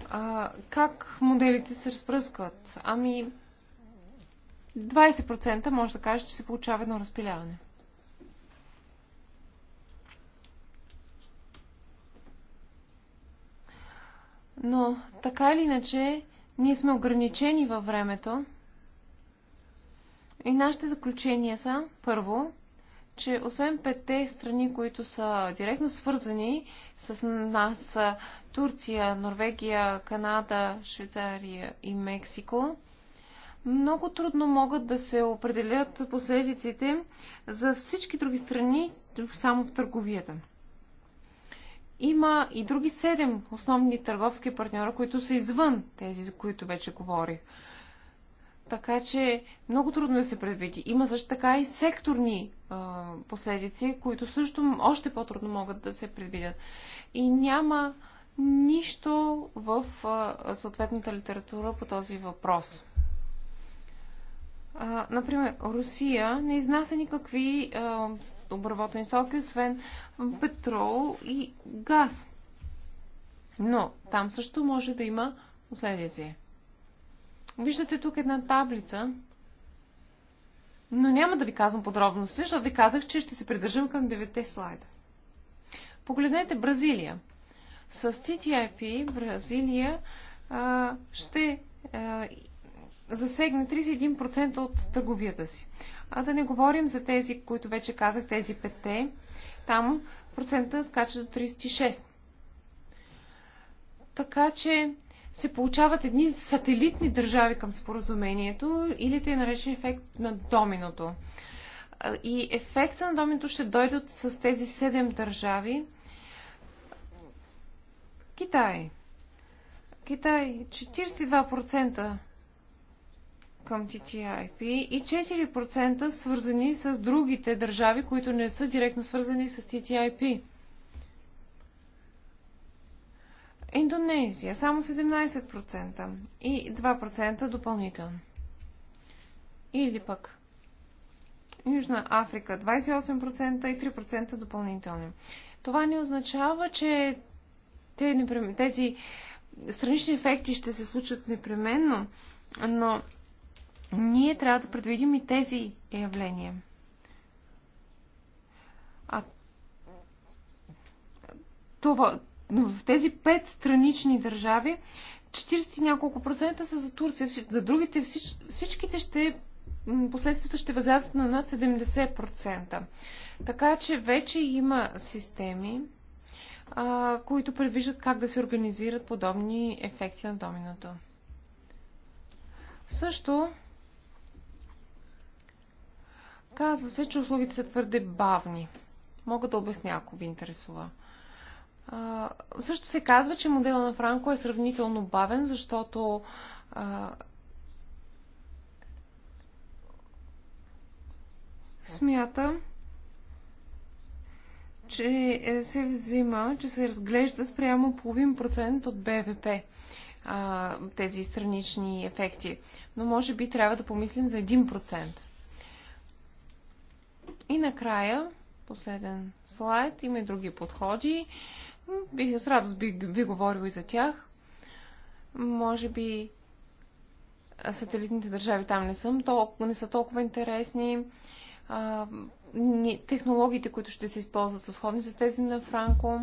а, как моделите се разпръскват? Ами, 20% може да каже, че се получава едно разпиляване. Но така или иначе, ние сме ограничени във времето. И нашите заключения са, първо, че освен петте страни, които са директно свързани с нас, Турция, Норвегия, Канада, Швейцария и Мексико, много трудно могат да се определят последиците за всички други страни само в търговията. Има и други седем основни търговски партньора, които са извън тези, за които вече говорих така че много трудно да се предвиди. Има също така и секторни а, последици, които също още по-трудно могат да се предвидят. И няма нищо в а, съответната литература по този въпрос. А, например, Русия не изнася никакви а, обработени стоки, освен петрол и газ. Но там също може да има последици. Виждате тук една таблица, но няма да ви казвам подробности, защото ви казах, че ще се придържам към 9 слайда. Погледнете Бразилия. С TTIP Бразилия а, ще а, засегне 31% от търговията си. А да не говорим за тези, които вече казах, тези 5 там процента скача до 36. Така че се получават едни сателитни държави към споразумението или те наречен ефект на доминото. И ефекта на доминото ще дойдат с тези седем държави. Китай. Китай 42% към TTIP и 4% свързани с другите държави, които не са директно свързани с TTIP. Индонезия само 17% и 2% допълнително. Или пък Южна Африка 28% и 3% допълнителни. Това не означава, че тези странични ефекти ще се случат непременно, но ние трябва да предвидим и тези явления. А това, но в тези пет странични държави 40 няколко процента са за Турция. За другите всич, всичките ще последствията ще възлязат на над 70%. Така че вече има системи, а, които предвиждат как да се организират подобни ефекти на доминото. Също казва се, че услугите са твърде бавни. Мога да обясня, ако ви интересува. А, също се казва, че модела на Франко е сравнително бавен, защото а, смята, че е, се взима, че се разглежда спрямо половин процент от БВП а, тези странични ефекти. Но може би трябва да помислим за 1%. И накрая, последен слайд, има и други подходи. А, бих, с радост би, би говорил и за тях. Може би сателитните държави там не, съм, толкова, не са толкова интересни. А, ни, технологиите, които ще се използват, са сходни с тези на Франко.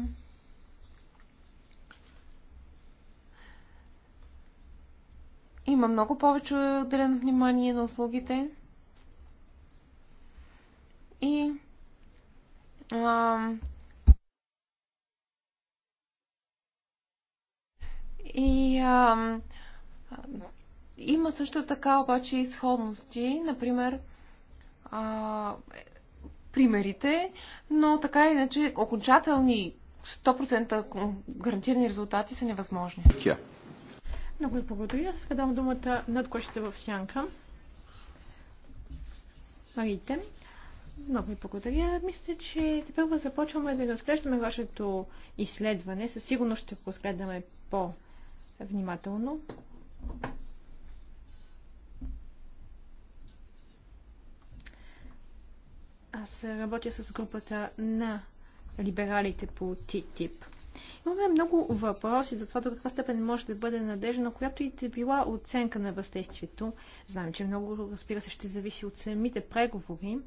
Има много повече отделено внимание на услугите. И а, И а, има също така обаче изходности, например, а, примерите, но така иначе окончателни 100% гарантирани резултати са невъзможни. Много ви благодаря. Сега давам думата над кошите в сянка. Марите. Много ви благодаря. Мисля, че тепърва започваме да разглеждаме вашето изследване. Със сигурност ще го разгледаме по внимателно. Аз работя с групата на либералите по ТИТИП. Имаме много въпроси за това до каква степен може да бъде надежна, която и да била оценка на въздействието. Знам, че много, разбира се, ще зависи от самите преговори.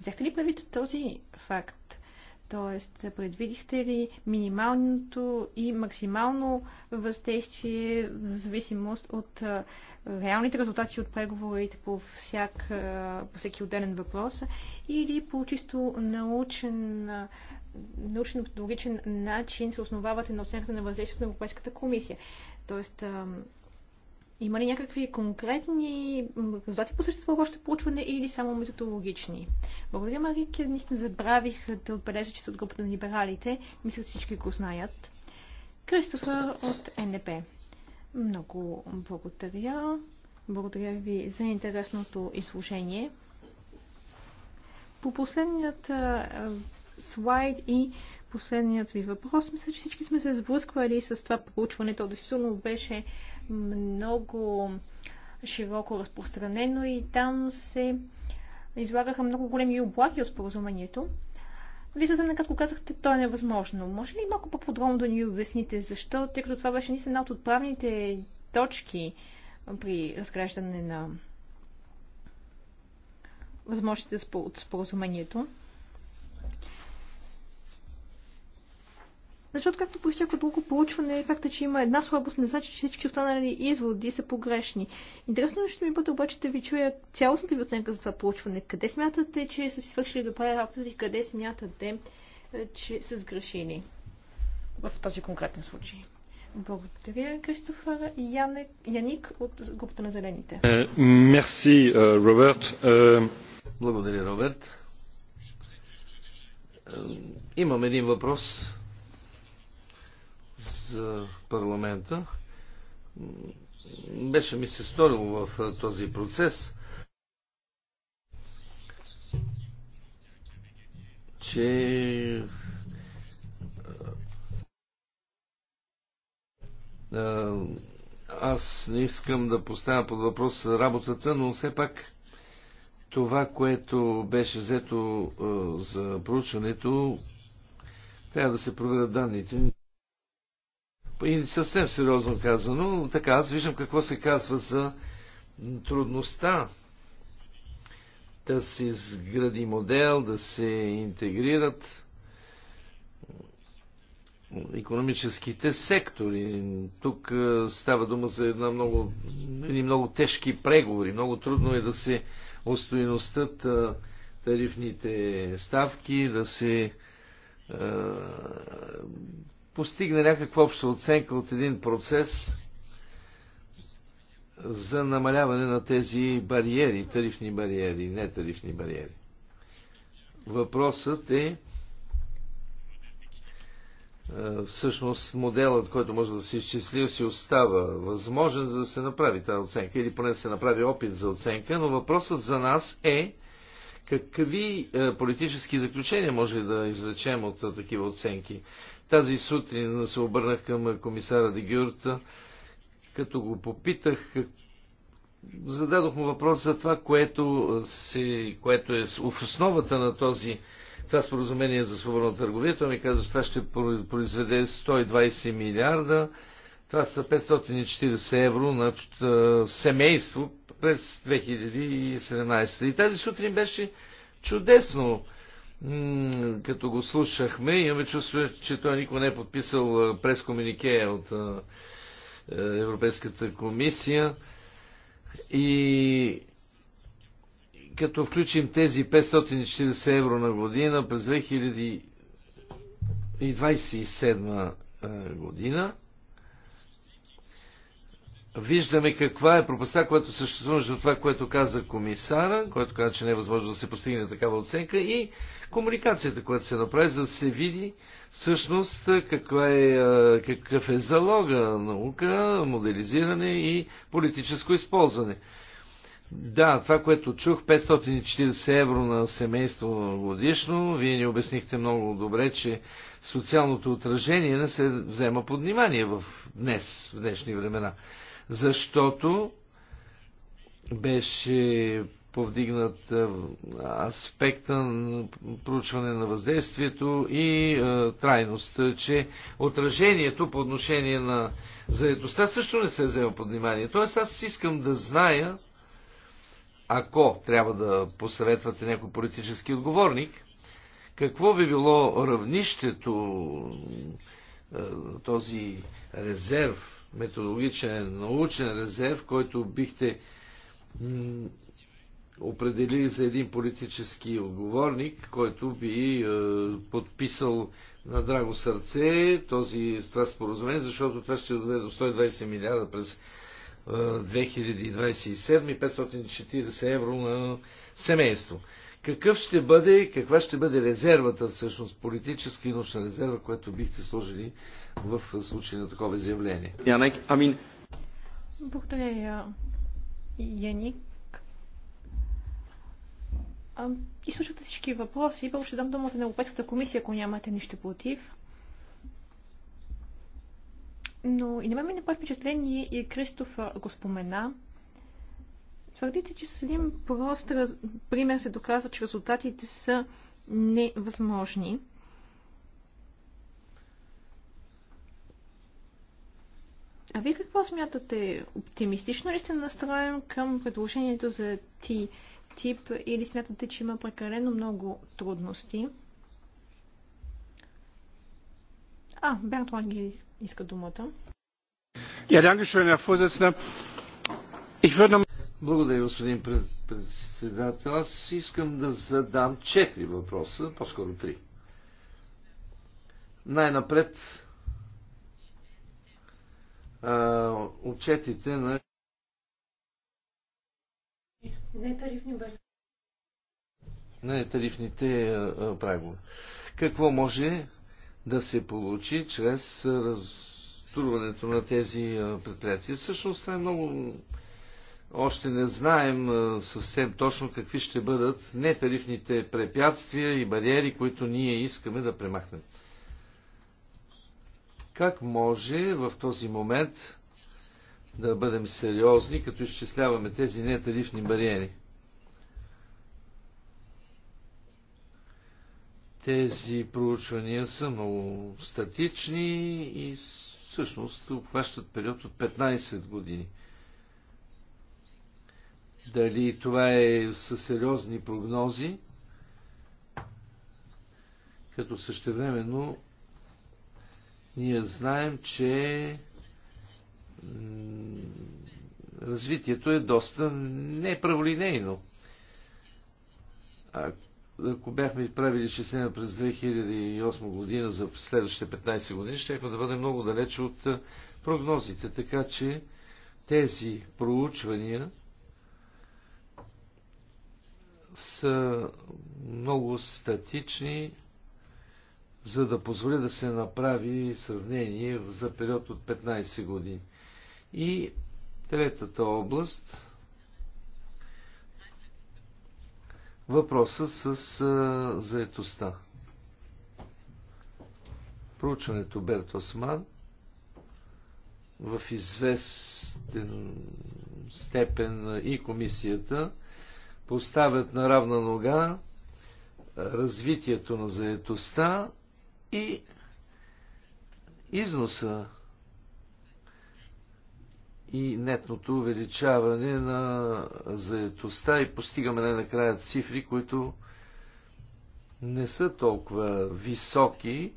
Взехте ли правите този факт? Тоест, предвидихте ли минималното и максимално въздействие в зависимост от реалните резултати от преговорите по, всяк, по всеки отделен въпрос или по чисто научен научно-технологичен начин се основавате на оценката на въздействието на Европейската комисия. Тоест, има ли някакви конкретни резултати по същество още получване или само методологични? Благодаря, Марике. Наистина забравих да отбележа, че са от групата на либералите. Мисля, всички го знаят. Кристофър от НДП. Много благодаря. Благодаря ви за интересното изложение. По последният слайд и последният ви въпрос. Мисля, че всички сме се сблъсквали с това проучване. То действително беше много широко разпространено и там се излагаха много големи облаки от споразумението. Вие съвсем както казахте, то е невъзможно. Може ли малко по-подробно да ни обясните защо, тъй като това беше наистина една от отправните точки при разграждане на възможностите от споразумението? Защото, както по всяко друго проучване, факта, че има една слабост, не значи, че всички останали изводи са погрешни. Интересно ще ми бъде обаче да ви чуя цялостната ви оценка за това проучване. Къде смятате, че са си свършили добре работата и къде смятате, е, че са сгрешили в този конкретен случай? Благодаря, Кристофър Яник, Яник от групата на Зелените. Е, мерси, е, Роберт. Благодаря, Роберт. Имам един въпрос за парламента. Беше ми се сторило в този процес, че аз не искам да поставя под въпрос работата, но все пак това, което беше взето за проучването, трябва да се проверят данните. И съвсем сериозно казано, така аз виждам какво се казва за трудността да се изгради модел, да се интегрират економическите сектори. Тук е, става дума за една много, едни много тежки преговори. Много трудно е да се устойностят е, тарифните ставки, да се е, постигне някаква обща оценка от един процес за намаляване на тези бариери, тарифни бариери, нетарифни бариери. Въпросът е всъщност моделът, който може да се изчисли, си остава възможен, за да се направи тази оценка или поне да се направи опит за оценка, но въпросът за нас е какви политически заключения може да извлечем от такива оценки. Тази сутрин се обърнах към комисара Дегюрста, като го попитах, зададох му въпрос за това, което, се, което е в основата на този това споразумение за свободна търговия. Той ми каза, че това ще произведе 120 милиарда. Това са 540 евро на семейство през 2017. И тази сутрин беше чудесно като го слушахме, имаме чувство, че той никой не е подписал прескомунике от е, Европейската комисия. И като включим тези 540 евро на година през 2027 година, виждаме каква е пропаста, която съществува между това, което каза комисара, който каза, че не е възможно да се постигне такава оценка и комуникацията, която се направи, за да се види всъщност каква е, какъв е залога наука, моделизиране и политическо използване. Да, това, което чух, 540 евро на семейство годишно, вие ни обяснихте много добре, че социалното отражение не се взема под внимание в днес, в днешни времена защото беше повдигнат аспекта на проучване на въздействието и е, трайност, че отражението по отношение на заедостта също не се е взема под внимание. Тоест аз искам да зная, ако трябва да посъветвате някой политически отговорник, какво би било равнището този резерв, методологичен, научен резерв, който бихте определи за един политически отговорник, който би е, подписал на драго сърце този, това споразумение, защото това ще доведе до 120 милиарда през е, 2027 и 540 евро на семейство. Какъв ще бъде, каква ще бъде резервата, всъщност политическа и научна резерва, която бихте сложили в случай на такова изявление? Яник, амин. Благодаря, Яник. Изслушахте всички въпроси. Първо ще дам думата на Европейската комисия, ако нямате нищо против. Но и не ме ми направи впечатление и Кристоф го спомена – Твърдите, че с един прост раз... пример се доказва, че резултатите са невъзможни. А вие какво смятате? Оптимистично ли сте настроен към предложението за ти тип или смятате, че има прекалено много трудности? А, Берт Ланге иска думата. Я, danke благодаря, господин председател. Аз искам да задам четири въпроса, по-скоро три. Най-напред отчетите на нетарифни Не тарифните прагове. Какво може да се получи чрез разтурването на тези предприятия? Всъщност това е много още не знаем съвсем точно какви ще бъдат нетарифните препятствия и бариери, които ние искаме да премахнем. Как може в този момент да бъдем сериозни, като изчисляваме тези нетарифни бариери? Тези проучвания са много статични и всъщност обхващат период от 15 години – дали това е със сериозни прогнози, като същевременно ние знаем, че развитието е доста неправолинейно. ако бяхме правили числена през 2008 година за следващите 15 години, ще да бъде много далеч от прогнозите. Така че тези проучвания са много статични, за да позволя да се направи сравнение за период от 15 години. И третата област въпроса с заетостта. Проучването Берт Осман в известен степен и комисията поставят на равна нога развитието на заетостта и износа и нетното увеличаване на заетостта и постигаме най-накрая цифри, които не са толкова високи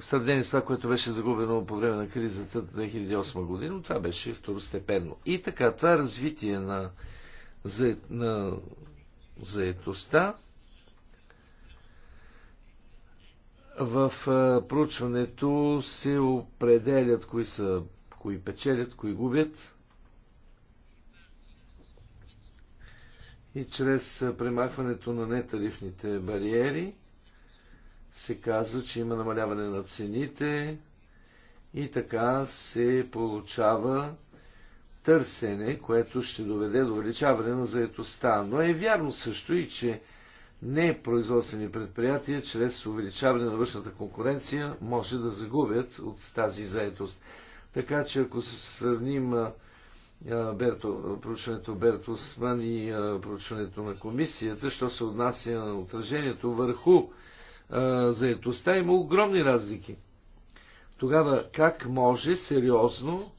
в сравнение с това, което беше загубено по време на кризата 2008 година, това беше второстепенно. И така, това развитие на на заетостта. В проучването се определят кои са, кои печелят, кои губят. И чрез премахването на нетарифните бариери се казва, че има намаляване на цените и така се получава търсене, което ще доведе до увеличаване на заетостта. Но е вярно също и, че непроизводствени предприятия чрез увеличаване на външната конкуренция може да загубят от тази заетост. Така че ако се сравним Берто, проучването Бертосман и проучването на комисията, що се отнася на отражението върху заетостта, има огромни разлики. Тогава как може сериозно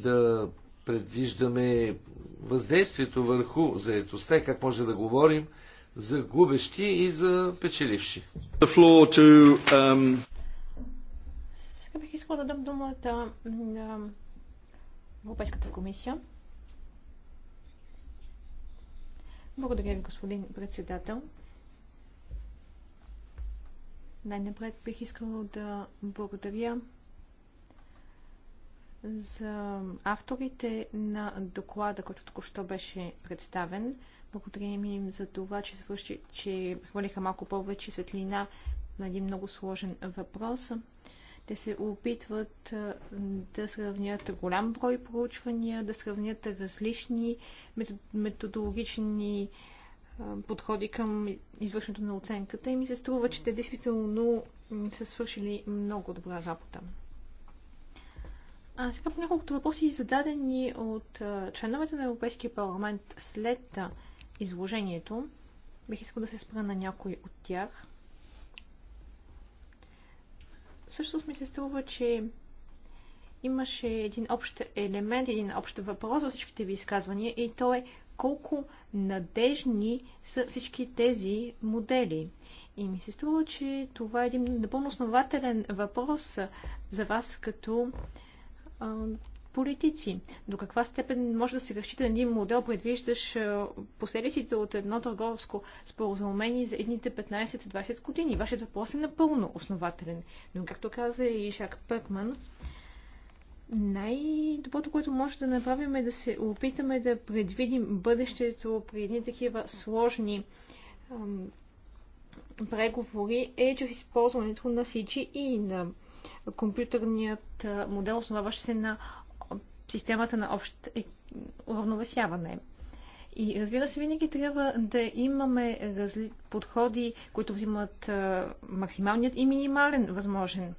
да предвиждаме въздействието върху заетостта, как може да говорим за губещи и за печеливши. Um... Сега бих искала да дам думата на Европейската комисия. Благодаря ви, господин председател. Най-напред бих искала да благодаря за авторите на доклада, който току-що беше представен. Благодарим им за това, че, свърши, че хвалиха малко повече светлина на един много сложен въпрос. Те се опитват да сравнят голям брой проучвания, да сравнят различни методологични подходи към извършването на оценката и ми се струва, че те действително са свършили много добра работа. А сега по няколкото въпроси, зададени от членовете на Европейския парламент след изложението. Бих искал да се спра на някой от тях. Всъщност ми се струва, че имаше един общ елемент, един общ въпрос за всичките ви изказвания и то е колко надежни са всички тези модели. И ми се струва, че това е един напълно основателен въпрос за вас като политици. До каква степен може да се разчита на един модел, предвиждаш последиците от едно търговско споразумение за едните 15-20 години? Вашият въпрос е напълно основателен. Но, както каза и Шак Пъркман, най-доброто, което може да направим е да се опитаме да предвидим бъдещето при едни такива сложни ам, преговори е чрез използването на CGI и на компютърният модел основаваше се на системата на общ е, уравновесяване. И разбира се, винаги трябва да имаме разли... подходи, които взимат максималният и минимален възможен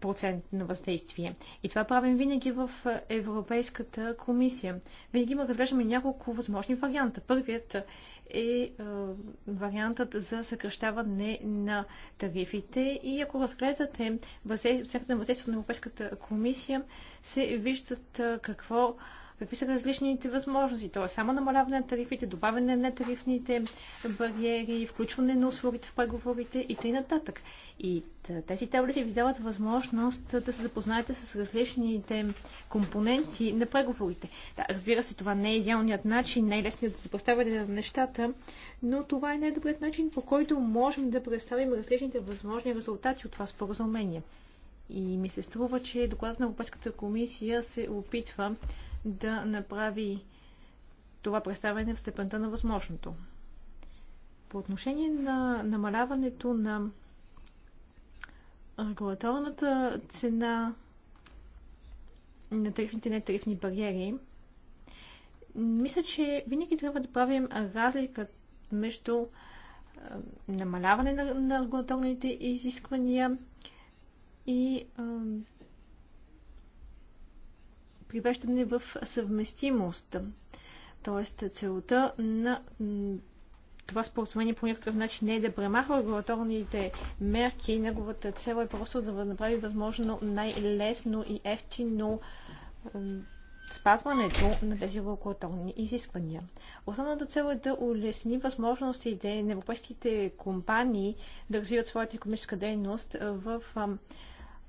процент на въздействие. И това правим винаги в е, Европейската комисия. Винаги има разглеждаме няколко възможни варианта. Първият е, е вариантът за съкръщаване на тарифите и ако разгледате оценката на въздействието на Европейската комисия, се виждат е, какво какви са различните възможности. е само намаляване на тарифите, добавяне на тарифните бариери, включване на услугите в преговорите и т.н. И тези таблици ви дават възможност да се запознаете с различните компоненти на преговорите. Да, разбира се, това не е идеалният начин, най-лесният е да се на нещата, но това е най-добрият начин, по който можем да представим различните възможни резултати от това споразумение. И ми се струва, че докладът на Европейската комисия се опитва да направи това представяне в степента на възможното. По отношение на намаляването на регулаторната цена на тарифните и нетарифни бариери, мисля, че винаги трябва да правим разлика между намаляване на, на регулаторните изисквания и привеждане в съвместимост. Тоест целта на това споразумение по някакъв начин не е да премахва регулаторните мерки. Неговата цел е просто да направи възможно най-лесно и ефтино спазването на тези регулаторни изисквания. Основната цел е да улесни възможностите на европейските компании да развиват своята економическа дейност в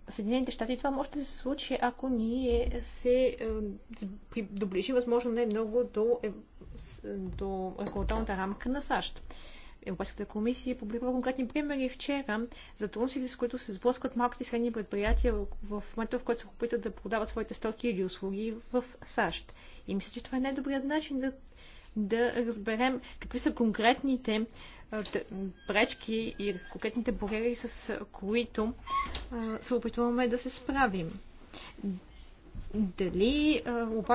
Съединените щати това може да се случи, ако ние се е, доближим възможно най-много до, е, е, до регулаторната рамка на САЩ. Европейската комисия публикува конкретни примери вчера за трудностите, с които се сблъскват малките и средни предприятия в момента, в който се опитат да продават своите стоки или услуги в САЩ. И мисля, че това е най-добрият начин да, да разберем какви са конкретните е, пречки и конкретните бариери, с които е, се опитваме да се справим. Дали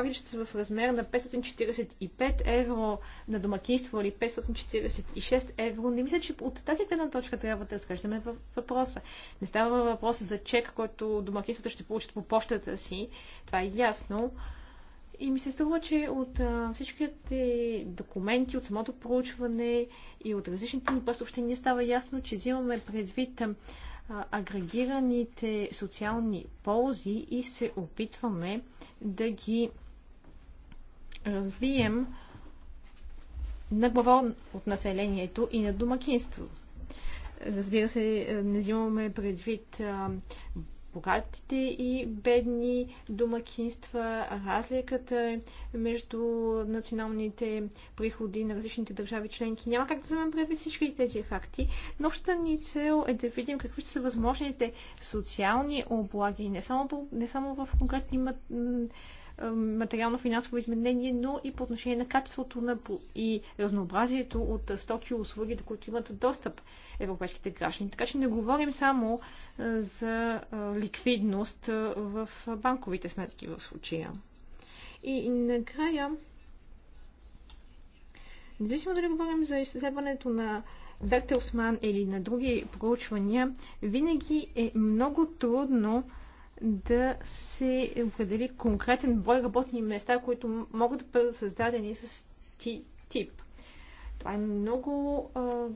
е, са в размер на 545 евро на домакинство или 546 евро, не мисля, че от тази гледна точка трябва да разглеждаме въпроса. Не става въпроса за чек, който домакинствата ще получат по почтата си. Това е ясно и ми се струва, че от всичките документи, от самото проучване и от различните ни съобщения става ясно, че взимаме предвид агрегираните социални ползи и се опитваме да ги развием на глава от населението и на домакинство. Разбира се, не взимаме предвид богатите и бедни домакинства, разликата между националните приходи на различните държави членки. Няма как да вземем предвид всички тези факти, но общата ни цел е да видим какви са възможните социални облаги, не само, не само в конкретни материално-финансово изменение, но и по отношение на качеството на и разнообразието от стоки и услуги, до които имат достъп европейските граждани. Така че не говорим само за ликвидност в банковите сметки в случая. И накрая, независимо дали говорим за изследването на Бертелсман или на други проучвания, винаги е много трудно да се определи конкретен брой работни места, които могат да бъдат създадени с тип. Това е много а,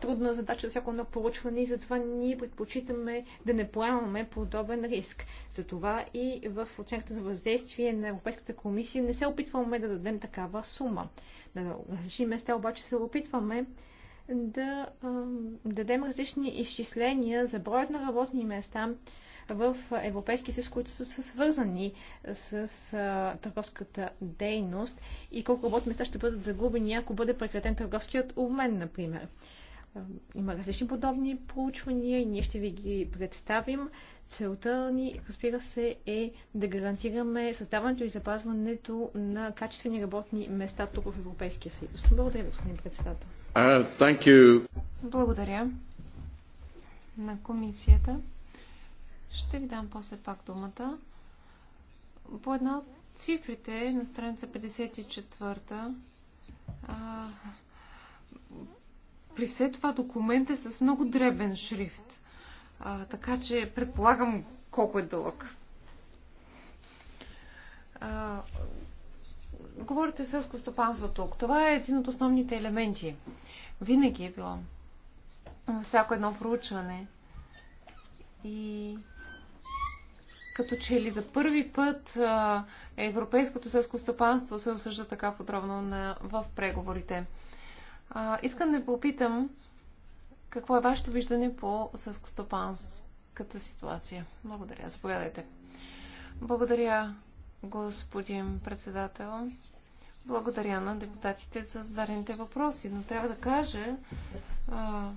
трудна задача за всяко едно поручване и затова ние предпочитаме да не поемаме подобен риск. Затова и в оценката за въздействие на Европейската комисия не се опитваме да дадем такава сума. На различни места обаче се опитваме да а, дадем различни изчисления за броят на работни места, в Европейския съюз, които са свързани с а, търговската дейност и колко работни места ще бъдат загубени, ако бъде прекратен търговският обмен, например. Има различни подобни проучвания и ние ще ви ги представим. Целта ни, разбира се, е да гарантираме създаването и запазването на качествени работни места тук в Европейския съюз. Благодаря, господин председател. Uh, Благодаря на комисията. Ще ви дам после пак думата. По една от цифрите на страница 54 а, при все това документ е с много дребен шрифт. А, така че предполагам колко е дълъг. А, говорите селско стопанство тук. Това е един от основните елементи. Винаги е било. Всяко едно проучване. И като че ли за първи път а, европейското селско стопанство се осъжда така подробно на, в преговорите. А, искам да попитам какво е вашето виждане по селскостопанската ситуация. Благодаря. Заповядайте. Благодаря, господин председател. Благодаря на депутатите за зададените въпроси, но трябва да кажа, а,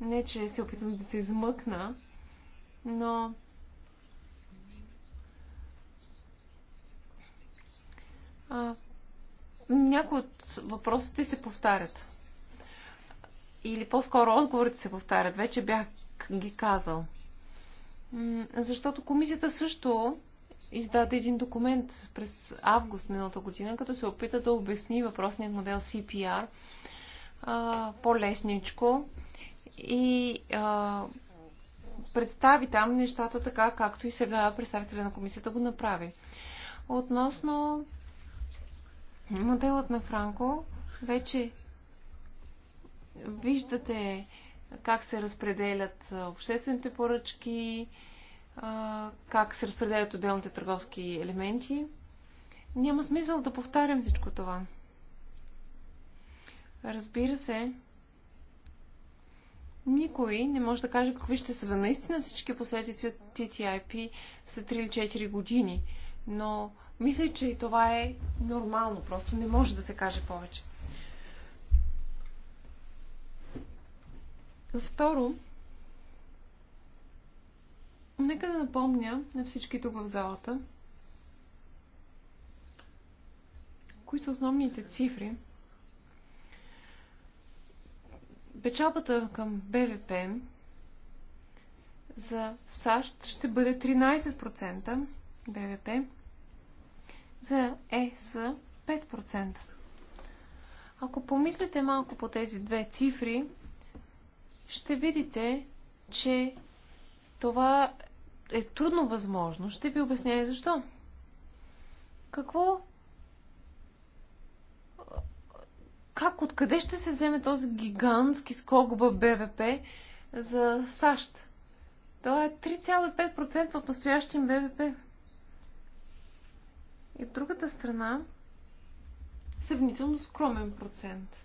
не че се опитвам да се измъкна, но А, някои от въпросите се повтарят. Или по-скоро отговорите се повтарят. Вече бях ги казал. Защото комисията също издаде един документ през август миналата година, като се опита да обясни въпросният модел CPR по-лесничко и а, представи там нещата така, както и сега представителя на комисията го направи. Относно Моделът на Франко вече виждате как се разпределят обществените поръчки, как се разпределят отделните търговски елементи. Няма смисъл да повтарям всичко това. Разбира се, никой не може да каже какви ще са наистина всички последици от TTIP след 3 или 4 години. Но мисля, че и това е нормално. Просто не може да се каже повече. Второ, нека да напомня на всички тук в залата, кои са основните цифри. Печалбата към БВП за САЩ ще бъде 13% БВП, за ЕС 5%. Ако помислите малко по тези две цифри, ще видите, че това е трудно възможно. Ще ви обясня и защо. Какво? Как, откъде ще се вземе този гигантски скок в БВП за САЩ? Това е 3,5% от настоящия БВП. И от другата страна, съвнително скромен процент.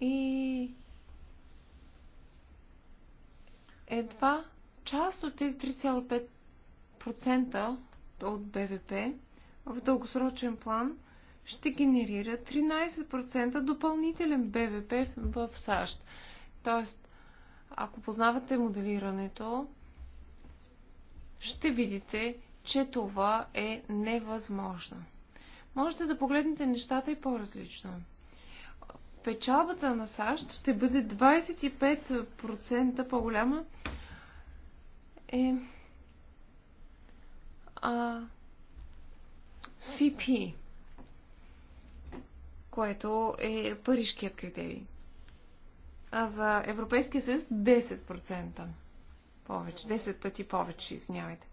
И едва част от тези 3,5% от БВП в дългосрочен план ще генерира 13% допълнителен БВП в САЩ. Тоест, ако познавате моделирането, ще видите, че това е невъзможно. Можете да погледнете нещата и по-различно. Печалбата на САЩ ще бъде 25% по-голяма. Е, а, CP, което е парижкият критерий а за Европейския съюз 10% повече, 10 пъти повече, извинявайте.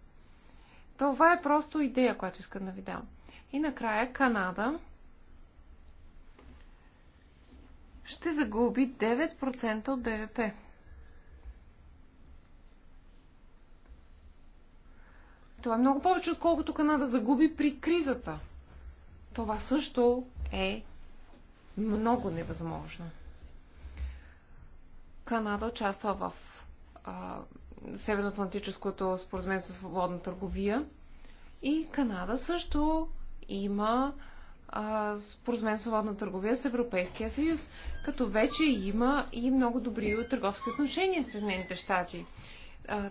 Това е просто идея, която искам да ви дам. И накрая Канада ще загуби 9% от БВП. Това е много повече, отколкото Канада загуби при кризата. Това също е много невъзможно. Канада участва в Северо-Атлантическото споразумение за свободна търговия и Канада също има споразумение за свободна търговия с Европейския съюз, като вече има и много добри търговски отношения с Съединените щати.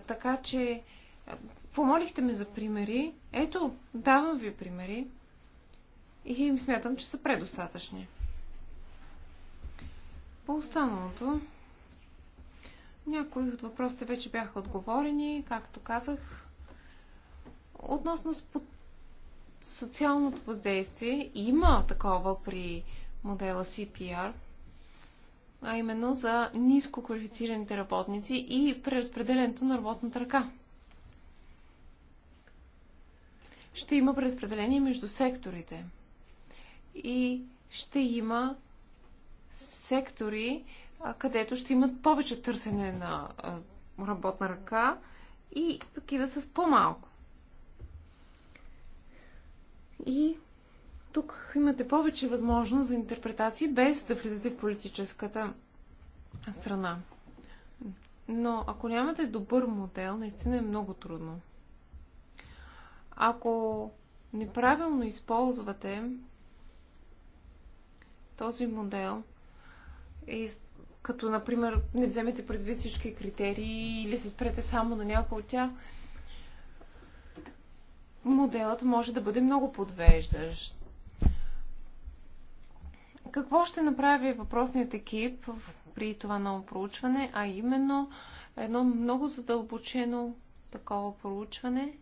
Така че помолихте ме за примери. Ето, давам ви примери. И им смятам, че са предостатъчни. По останалото. Някои от въпросите вече бяха отговорени, както казах. Относно социалното въздействие, има такова при модела CPR, а именно за ниско квалифицираните работници и преразпределението на работната ръка. Ще има преразпределение между секторите и ще има сектори, където ще имат повече търсене на работна ръка и такива с по-малко. И тук имате повече възможност за интерпретации, без да влизате в политическата страна. Но ако нямате добър модел, наистина е много трудно. Ако неправилно използвате този модел и като например не вземете предвид всички критерии или се спрете само на някои от тях, моделът може да бъде много подвеждащ. Какво ще направи въпросният екип при това ново проучване, а именно едно много задълбочено такова проучване?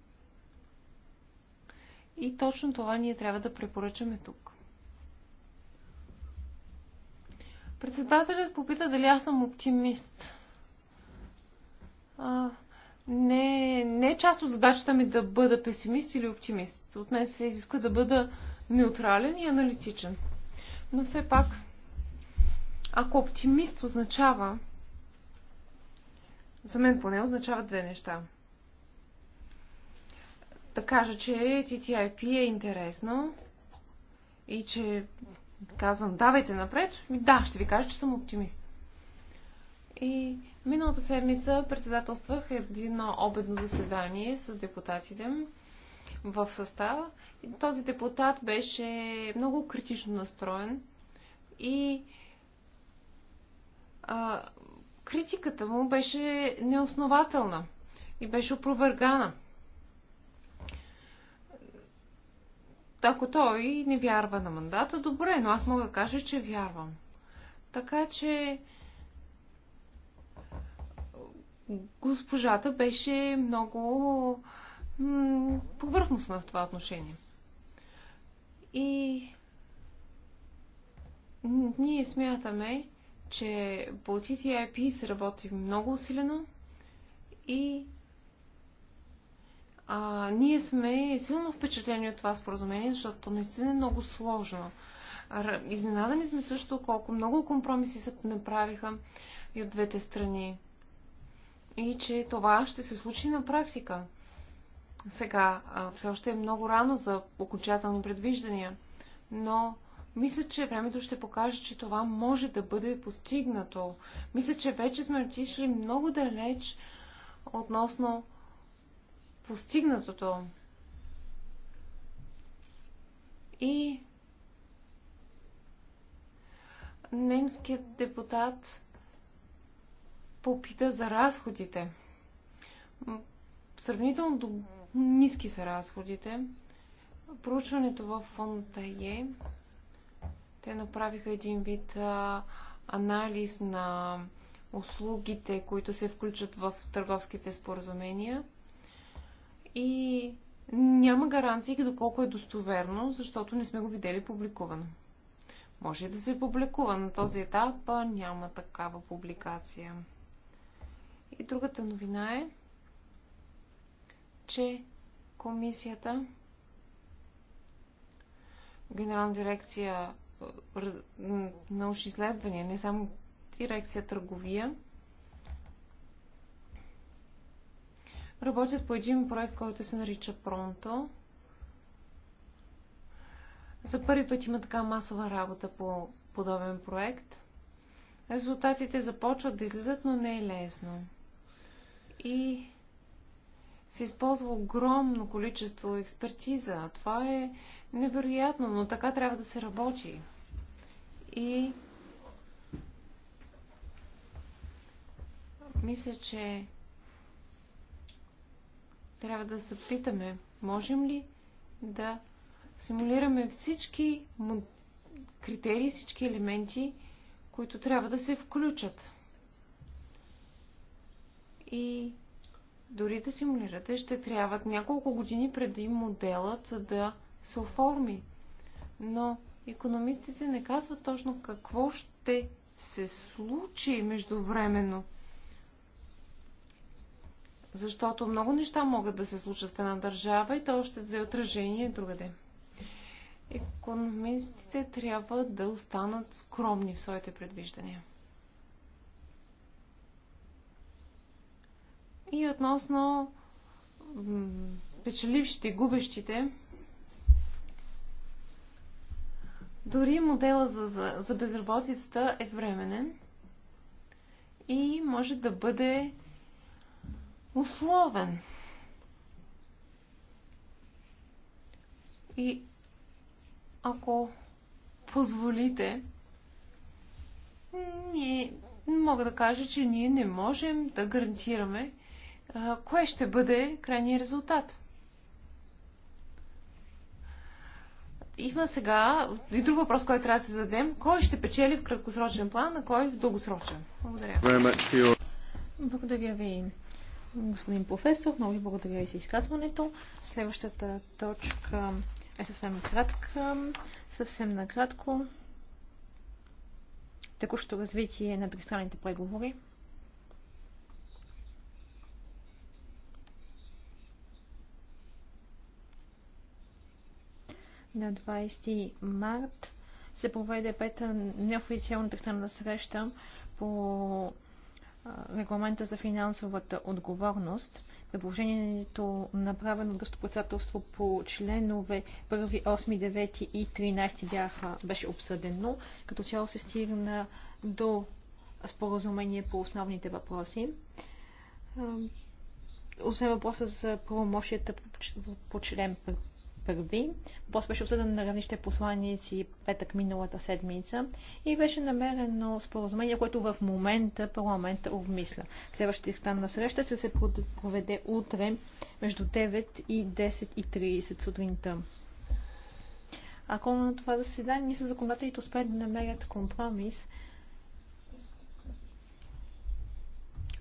И точно това ние трябва да препоръчаме тук. Председателят попита дали аз съм оптимист. А, не, не е част от задачата ми да бъда песимист или оптимист. От мен се изисква да бъда неутрален и аналитичен. Но все пак, ако оптимист означава, за мен поне означава две неща. Да кажа, че TTIP е интересно и че казвам, давайте напред, ми да, ще ви кажа, че съм оптимист. И миналата седмица председателствах едно обедно заседание с депутатите в състава. И този депутат беше много критично настроен и а, критиката му беше неоснователна и беше опровергана – ако той не вярва на мандата, добре, но аз мога да кажа, че вярвам. Така че госпожата беше много повърхностна в това отношение. И ние смятаме, че по TTIP се работи много усилено и а, ние сме силно впечатлени от това споразумение, защото наистина е много сложно. Изненадани сме също колко много компромиси се направиха и от двете страни. И че това ще се случи на практика. Сега, все още е много рано за окончателни предвиждания, но мисля, че времето ще покаже, че това може да бъде постигнато. Мисля, че вече сме отишли много далеч относно постигнатото и немският депутат попита за разходите. Сравнително до... ниски са разходите. Проучването в Фонтае, те направиха един вид а, анализ на услугите, които се включат в търговските споразумения – и няма гаранции доколко е достоверно, защото не сме го видели публикувано. Може и да се публикува на този етап, няма такава публикация. И другата новина е, че комисията, генерална дирекция научни изследвания, не само дирекция търговия, работят по един проект, който се нарича Пронто. За първи път има така масова работа по подобен проект. Резултатите започват да излизат, но не е лесно. И се използва огромно количество експертиза. Това е невероятно, но така трябва да се работи. И мисля, че трябва да се питаме, можем ли да симулираме всички критерии, всички елементи, които трябва да се включат. И дори да симулирате, ще трябват няколко години преди моделът да се оформи. Но економистите не казват точно какво ще се случи междувременно – защото много неща могат да се случат в една държава и то ще даде отражение другаде. Економистите трябва да останат скромни в своите предвиждания. И относно печелившите, губещите, дори модела за, за, за безработицата е временен и може да бъде условен. И ако позволите, ние мога да кажа, че ние не можем да гарантираме а, кое ще бъде крайният резултат. Има сега и друг въпрос, който трябва да се зададем. Кой ще печели в краткосрочен план, а кой в дългосрочен? Благодаря. Благодаря ви господин професор. Много ви благодаря и за изказването. Следващата точка е съвсем кратка. Съвсем накратко. Текущото развитие на тристранните преговори. На 20 март се проведе пета неофициална тристранна среща по регламента за финансовата отговорност. Предложението направено от гъстопредседателство по членове 1, 8, 9 и 13 бяха, беше обсъдено. Като цяло се стигна до споразумение по основните въпроси. Освен въпроса за правомощията по член първи. Въпрос беше обсъден на равнище посланици петък миналата седмица и беше намерено споразумение, което в момента парламента обмисля. Следващата екстранна среща ще се проведе утре между 9 и 10.30 сутринта. Ако на това заседание са законодателите успеят да намерят компромис,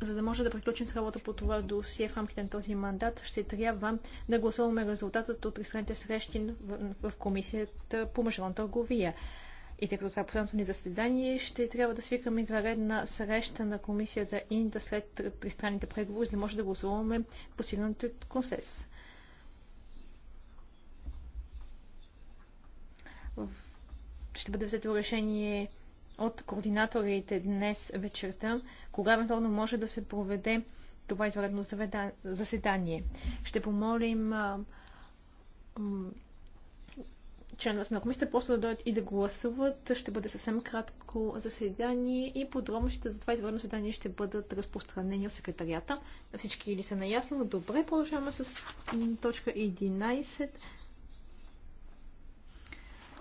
за да може да приключим с работа по това досие в рамките на този мандат, ще трябва да гласуваме резултатът от тристранните срещи в, комисията по международна търговия. И тъй като това е последното ни заседание, ще трябва да свикаме извънредна среща на комисията да след тристранните преговори, за да може да гласуваме постигнатите консенс. Ще бъде взето решение от координаторите днес вечерта, кога евентуално може да се проведе това извънредно заседание. Ще помолим членовете на комисията просто да дойдат и да гласуват. Ще бъде съвсем кратко заседание и подробностите за това извънредно заседание ще бъдат разпространени от секретарията. Всички ли са наясно? Добре, продължаваме с точка 11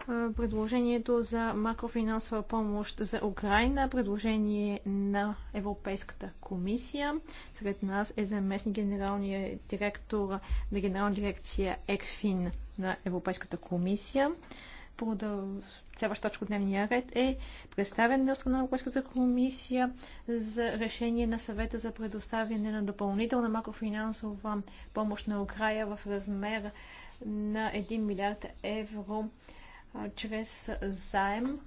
предложението за макрофинансова помощ за Украина, предложение на Европейската комисия. Сред нас е заместник генералния директор на генерална дирекция ЕКФИН на Европейската комисия. Следваща точка от дневния ред е представен на страна на Европейската комисия за решение на съвета за предоставяне на допълнителна макрофинансова помощ на Украя в размер на 1 милиард евро чрез заем.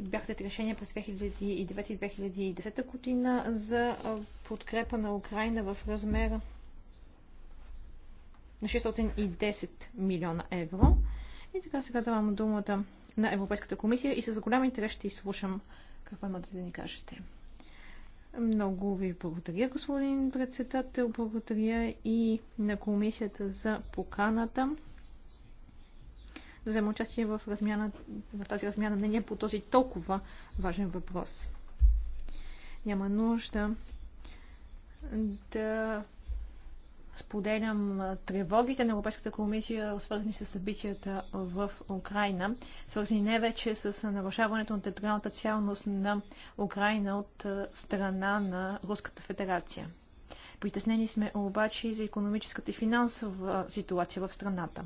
Бяха взети решения през 2009-2010 година за подкрепа на Украина в размер на 610 милиона евро. И така сега давам думата на Европейската комисия и с голям интерес ще изслушам какво имате да ни кажете. Много ви благодаря, господин председател. Благодаря и на комисията за поканата взема участие в, размяна, в тази размяна мнение по този толкова важен въпрос. Няма нужда да споделям тревогите на Европейската комисия, свързани с събитията в Украина, свързани не вече с нарушаването на териториалната цялност на Украина от страна на Руската федерация. Притеснени сме обаче и за економическата и финансова ситуация в страната.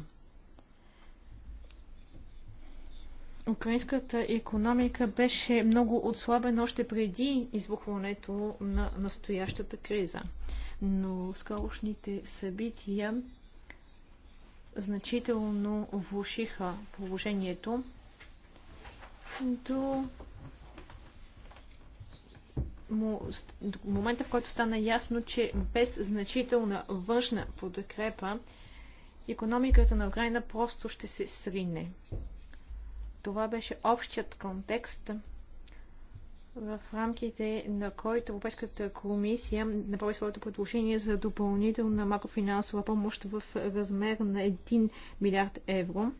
украинската економика беше много отслабена още преди избухването на настоящата криза. Но скорошните събития значително влушиха положението до до момента, в който стана ясно, че без значителна външна подкрепа, економиката на Украина просто ще се срине. Това беше общият контекст, в рамките на който Европейската комисия направи своето предложение за допълнителна макрофинансова помощ в размер на 1 милиард евро.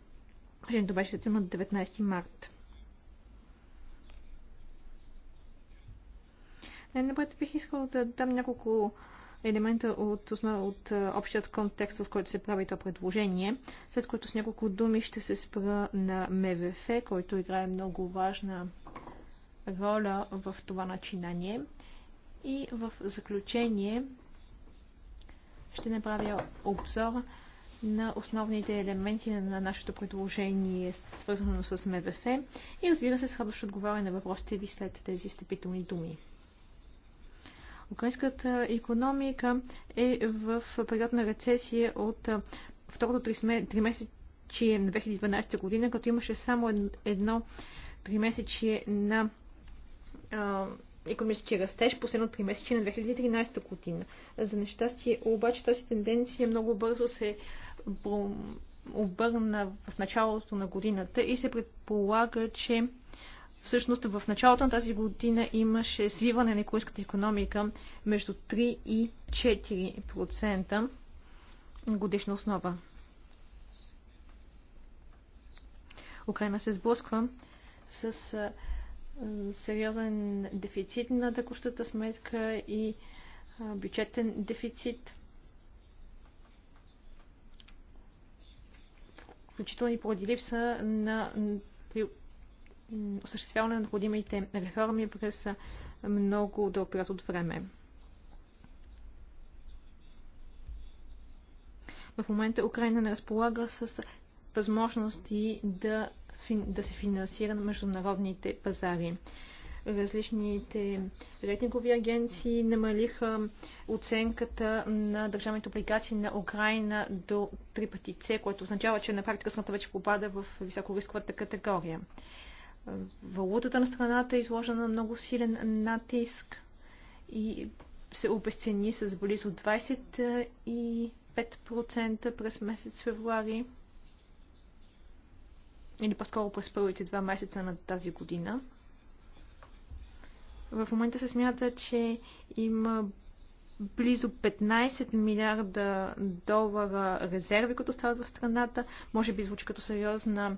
Решението беше на 19 март. Най-напред бих искал да дам няколко елемента от, основ, от общият контекст, в който се прави това предложение, след което с няколко думи ще се спра на МВФ, който играе много важна роля в това начинание. И в заключение ще направя обзор на основните елементи на нашето предложение, свързано с МВФ и разбира се, с радост отговаря на въпросите ви след тези степителни думи. Украинската економика е в период на рецесия от второто тримесечие на 2012 година, като имаше само едно тримесечие на економически растеж последно три месече на 2013 година. За нещастие, обаче тази тенденция много бързо се обърна в началото на годината и се предполага, че Всъщност в началото на тази година имаше свиване на економическата економика между 3 и 4% годишна основа. Украина се сблъсква с сериозен дефицит на текущата сметка и бюджетен дефицит. Включително и поради липса на осъществяване на необходимите реформи през много дълъг период от време. В момента Украина не разполага с възможности да, да се финансира на международните пазари. Различните рейтингови агенции намалиха оценката на държавните облигации на Украина до 3 пъти С, което означава, че на практика страната вече попада в високорисковата категория валутата на страната е изложена на много силен натиск и се обесцени с близо 25% през месец февруари или по-скоро през първите два месеца на тази година. В момента се смята, че има близо 15 милиарда долара резерви, които стават в страната. Може би звучи като сериозна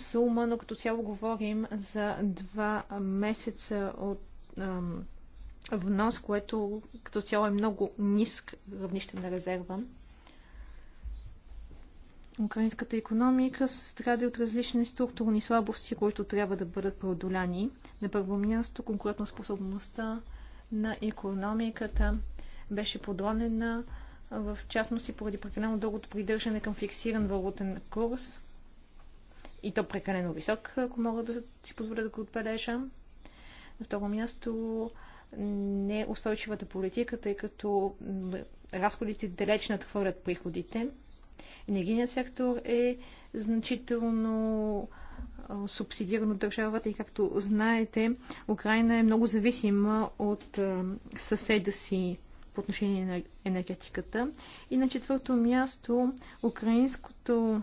сума, но като цяло говорим за два месеца от ам, внос, което като цяло е много ниск равнище на резерва. Украинската економика се страда от различни структурни слабости, които трябва да бъдат преодоляни. На първо място конкурентоспособността на економиката беше подронена, в частност и поради прекалено дългото придържане към фиксиран валутен курс и то прекалено висок, ако мога да си позволя да го отбележа. На второ място неустойчивата политика, тъй като разходите далеч надхвърлят приходите. Енергийният сектор е значително субсидиран от държавата и както знаете, Украина е много зависима от съседа си по отношение на енергетиката. И на четвърто място, украинското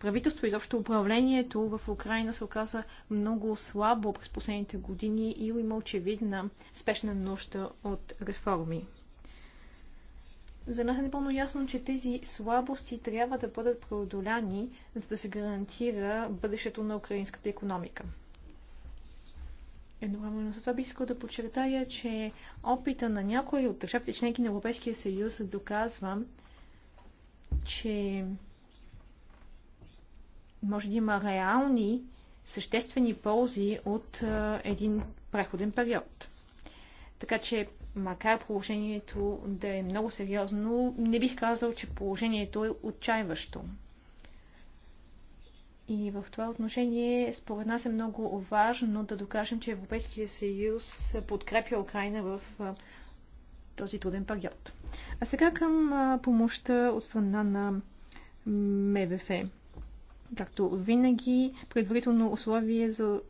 правителство, изобщо управлението в Украина се оказа много слабо през последните години и има очевидна спешна нужда от реформи. За нас е напълно ясно, че тези слабости трябва да бъдат преодоляни, за да се гарантира бъдещето на украинската економика. Едновременно с това бих искал да подчертая, че опита на някои от държавите членки на Европейския съюз доказва, че може да има реални, съществени ползи от един преходен период. Така че, макар положението да е много сериозно, не бих казал, че положението е отчаиващо. И в това отношение, според нас е много важно да докажем, че Европейския съюз подкрепя Украина в този труден период. А сега към помощта от страна на МВФ както винаги, предварително условие за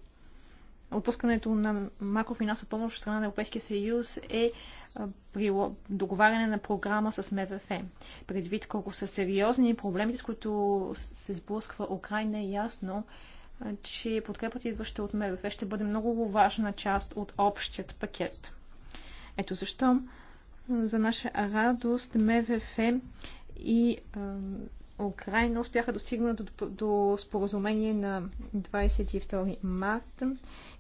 отпускането на макрофинансова помощ от страна на Европейския съюз е при договаряне на програма с МВФ. Предвид колко са сериозни проблемите, с които се сблъсква Украина, е ясно, че подкрепата идваща от МВФ ще бъде много важна част от общият пакет. Ето защо за наша радост МВФ и Украина успяха достигнат до, до споразумение на 22 март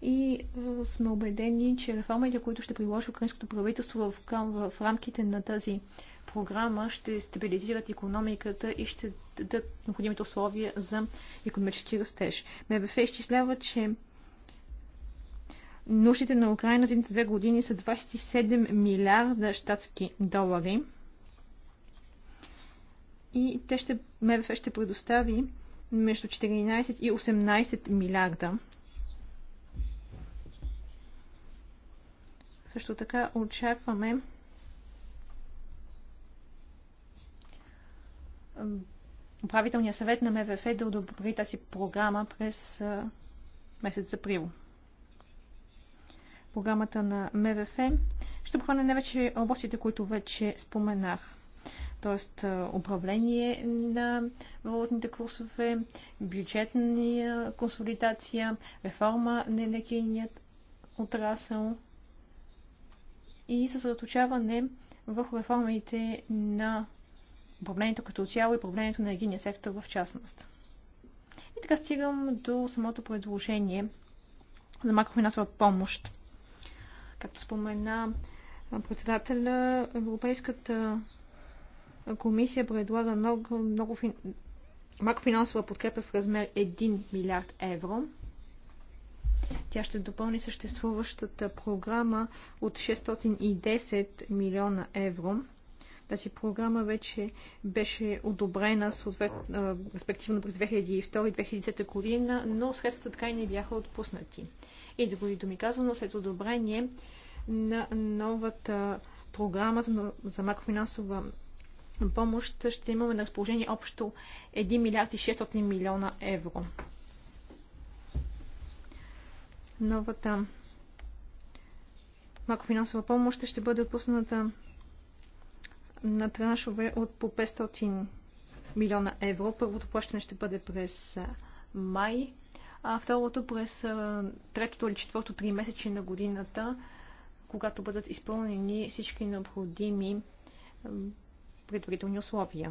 и сме убедени, че реформите, които ще приложи украинското правителство в, в, в рамките на тази програма, ще стабилизират економиката и ще дадат необходимите условия за економически растеж. МВФ изчислява, че нуждите на Украина за две години са 27 милиарда щатски долари и те ще, МВФ ще предостави между 14 и 18 милиарда. Също така очакваме управителния съвет на МВФ да одобри тази програма през месец април. Програмата на МВФ ще обхване не вече областите, които вече споменах т.е. управление на валутните курсове, бюджетна консолидация, реформа на енергийният отрасъл и съсредоточаване върху реформите на управлението като цяло и управлението на енергийния сектор в частност. И така стигам до самото предложение за макрофинансова помощ. Както спомена председателя, Европейската комисия предлага много, много фин... макрофинансова подкрепа в размер 1 милиард евро. Тя ще допълни съществуващата програма от 610 милиона евро. Тази програма вече беше одобрена съответ, респективно през 2002-2010 година, но средствата така и не бяха отпуснати. И за годито ми казано, след одобрение на новата програма за макрофинансова помощ ще имаме на разположение общо 1 милиард и 600 милиона евро. Новата макрофинансова помощ ще бъде отпусната на траншове от по 500 милиона евро. Първото плащане ще бъде през май, а второто през третото или четвърто три месече на годината, когато бъдат изпълнени всички необходими предварителни условия.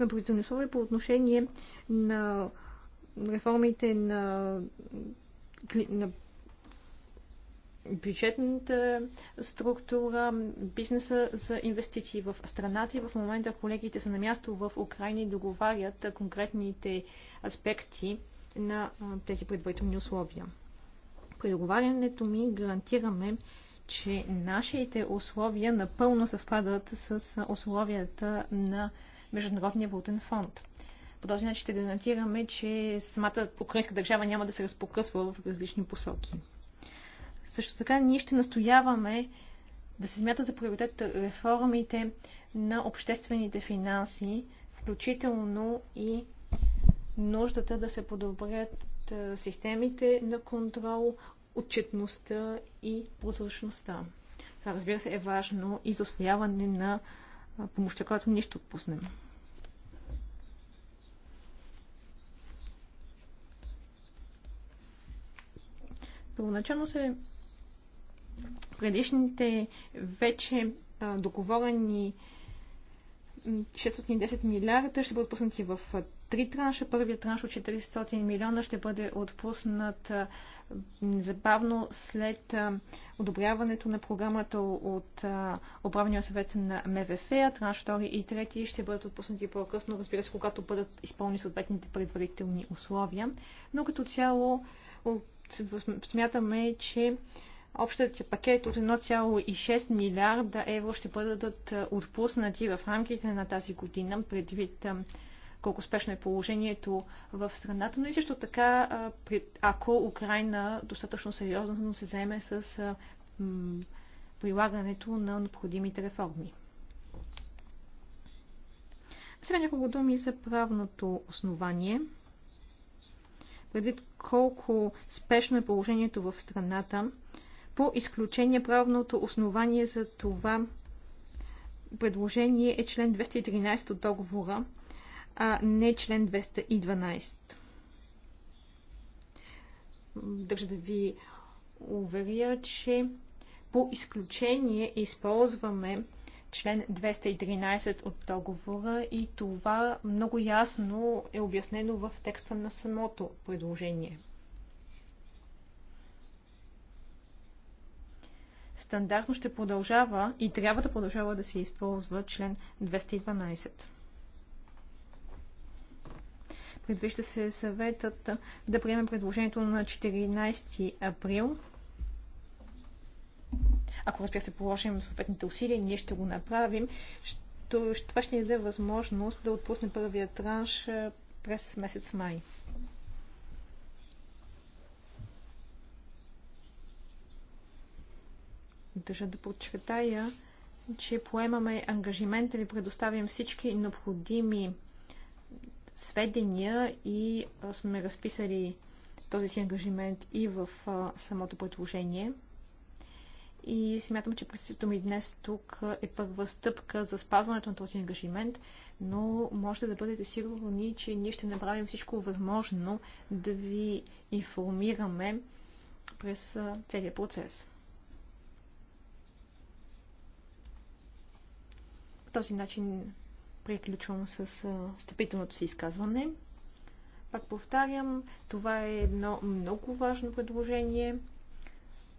Има предварителни условия по отношение на реформите на, на бюджетната структура, бизнеса за инвестиции в страната и в момента колегите са на място в Украина и договарят конкретните аспекти на тези предварителни условия. При договарянето ми гарантираме, че нашите условия напълно съвпадат с условията на Международния валутен фонд. По този начин ще гарантираме, че самата украинска държава няма да се разпокъсва в различни посоки. Също така ние ще настояваме да се смятат за приоритет реформите на обществените финанси, включително и нуждата да се подобрят системите на контрол, отчетността и прозрачността. Това, разбира се, е важно и за освояване на помощта, която ние ще отпуснем. Първоначално се предишните вече договорени 610 милиарда ще бъдат пуснати в три транша. Първият транш от 400 милиона ще бъде отпуснат забавно след одобряването на програмата от управния съвет на МВФ, а транш 2 и 3 ще бъдат отпуснати по-късно, разбира се, когато бъдат изпълни съответните предварителни условия. Но като цяло смятаме, че Общият пакет от 1,6 милиарда евро ще бъдат отпуснати в рамките на тази година, предвид колко спешно е положението в страната, но и също така, ако Украина достатъчно сериозно се заеме с прилагането на необходимите реформи. Сега няколко думи за правното основание. Предвид колко спешно е положението в страната, по изключение правното основание за това предложение е член 213 от договора, а не член 212. Държа да ви уверя, че по изключение използваме член 213 от договора и това много ясно е обяснено в текста на самото предложение. стандартно ще продължава и трябва да продължава да се използва член 212. Предвижда се съветът да приеме предложението на 14 април. Ако разбира се положим съответните усилия, ние ще го направим. Това ще ни даде възможност да отпусне първия транш през месец май. Държа да подчертая, че поемаме ангажимента, ви предоставим всички необходими сведения и сме разписали този си ангажимент и в самото предложение. И смятам, че присъствието ми днес тук е първа стъпка за спазването на този ангажимент, но можете да бъдете сигурни, че ние ще направим всичко възможно да ви информираме през целият процес. По този начин приключвам с стъпителното си изказване. Пак повтарям, това е едно много важно предложение.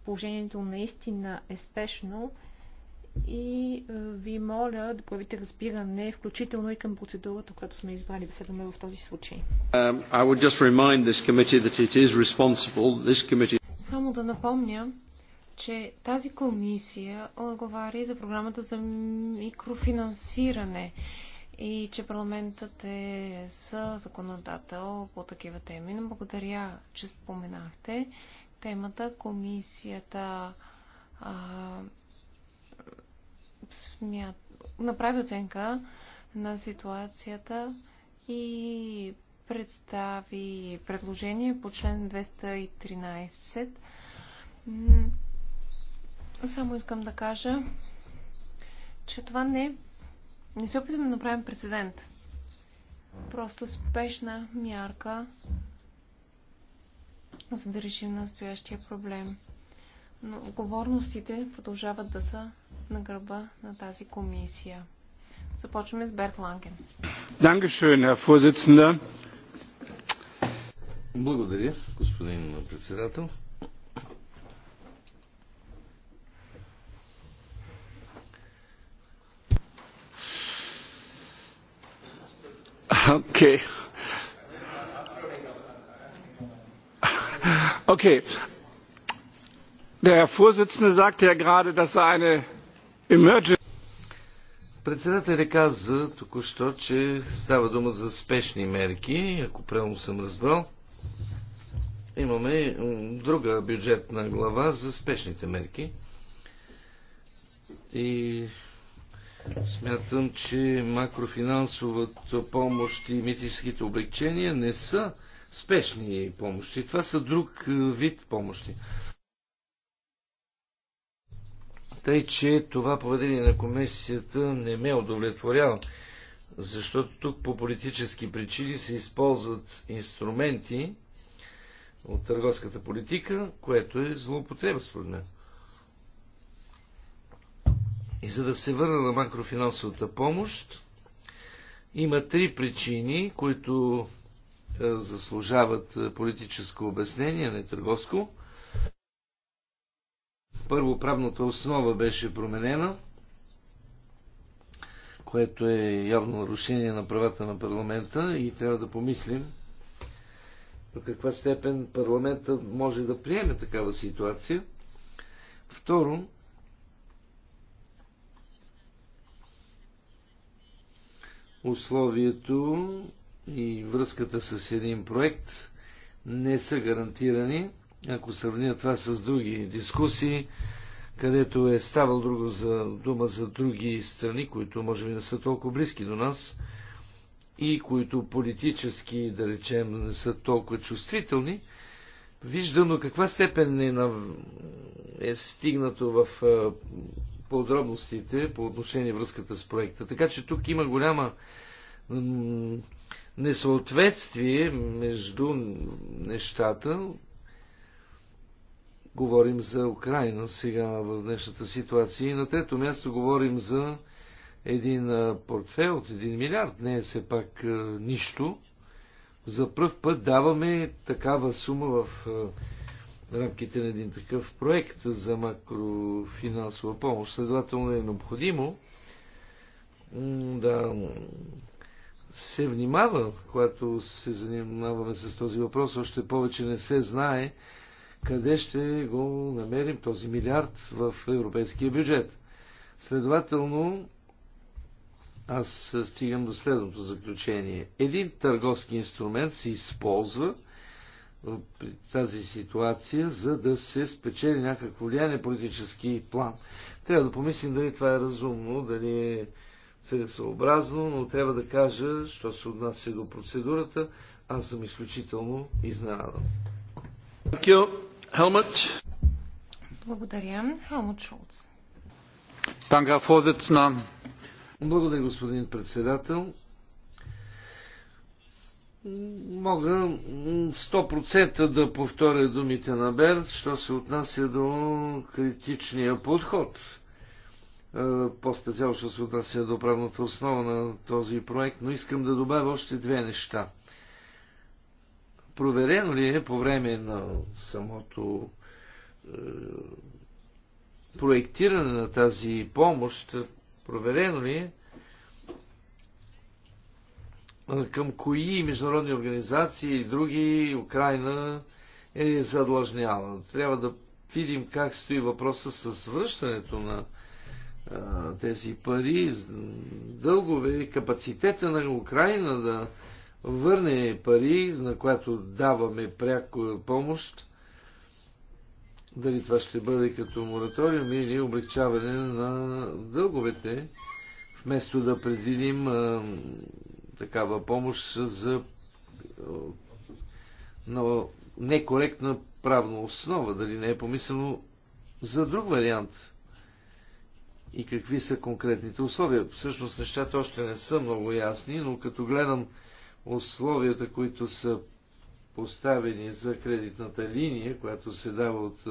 Положението наистина е спешно и ви моля да проявите разбиране, включително и към процедурата, която сме избрали да следваме в този случай. Um, committee... Само да напомня че тази комисия отговаря и за програмата за микрофинансиране и че парламентът е с законодател по такива теми. Но благодаря, че споменахте темата. Комисията а, направи оценка на ситуацията и представи предложение по член 213 само искам да кажа, че това не, не се опитваме да направим прецедент. Просто спешна мярка, за да решим настоящия проблем. Но отговорностите продължават да са на гърба на тази комисия. Започваме с Берт Ланген. Благодаря, господин председател. Okay. Okay. Der Herr Vorsitzende sagte ja gerade, dass er eine Emergency. Председателя каза току-що, че става дума за спешни мерки, ако правилно съм разбрал. Имаме друга бюджетна глава за спешните мерки. И Смятам, че макрофинансовата помощ и митическите облегчения не са спешни помощи. Това са друг е, вид помощи. Тъй, че това поведение на комисията не ме удовлетворява, защото тук по политически причини се използват инструменти от търговската политика, което е злоупотреба, според мен. И за да се върна на макрофинансовата помощ, има три причини, които е, заслужават е, политическо обяснение, не търговско. Първо, правната основа беше променена, което е явно нарушение на правата на парламента и трябва да помислим до каква степен парламента може да приеме такава ситуация. Второ, условието и връзката с един проект не са гарантирани. Ако сравня това с други дискусии, където е ставал друго за, дума за други страни, които може би не са толкова близки до нас и които политически, да речем, не са толкова чувствителни, виждам до каква степен е, на... е стигнато в подробностите по отношение връзката с проекта. Така че тук има голяма несъответствие между нещата. Говорим за Украина сега в днешната ситуация. И на трето място говорим за един портфел от 1 милиард. Не е все пак нищо. За пръв път даваме такава сума в рамките на един такъв проект за макрофинансова помощ. Следователно е необходимо да се внимава, когато се занимаваме с този въпрос, още повече не се знае къде ще го намерим този милиард в европейския бюджет. Следователно, аз стигам до следното заключение. Един търговски инструмент се използва – тази ситуация, за да се спечели някакво влияние политически план. Трябва да помислим дали това е разумно, дали е целесообразно, но трябва да кажа, що се отнася до процедурата, аз съм изключително изненадан. Благодаря. Хелмут Шулц. Благодаря, господин председател. Мога 100% да повторя думите на Берт, що се отнася до критичния подход. Е, по-специално, що се отнася до правната основа на този проект, но искам да добавя още две неща. Проверено ли е по време на самото е, проектиране на тази помощ, проверено ли е към кои международни организации и други Украина е задлъжняла. Трябва да видим как стои въпроса с връщането на а, тези пари, дългове, капацитета на Украина да върне пари, на която даваме пряко помощ, дали това ще бъде като мораториум или облегчаване на дълговете, вместо да предвидим а, такава помощ за е, но некоректна правна основа, дали не е помислено за друг вариант и какви са конкретните условия. Всъщност нещата още не са много ясни, но като гледам условията, които са поставени за кредитната линия, която се дава от е,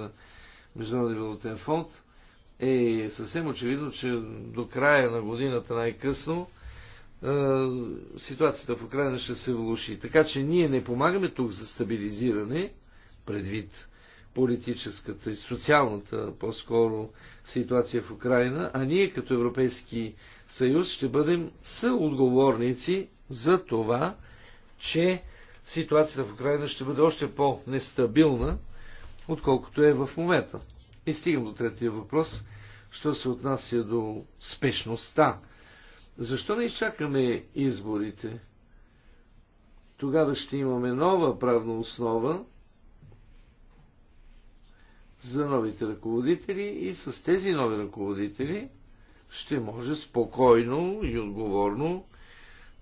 Международния валутен фонд, е съвсем очевидно, че до края на годината най-късно ситуацията в Украина ще се влуши. Така че ние не помагаме тук за стабилизиране, предвид политическата и социалната по-скоро ситуация в Украина, а ние като Европейски съюз ще бъдем съотговорници за това, че ситуацията в Украина ще бъде още по-нестабилна, отколкото е в момента. И стигам до третия въпрос, що се отнася до спешността защо не изчакаме изборите? Тогава ще имаме нова правна основа за новите ръководители и с тези нови ръководители ще може спокойно и отговорно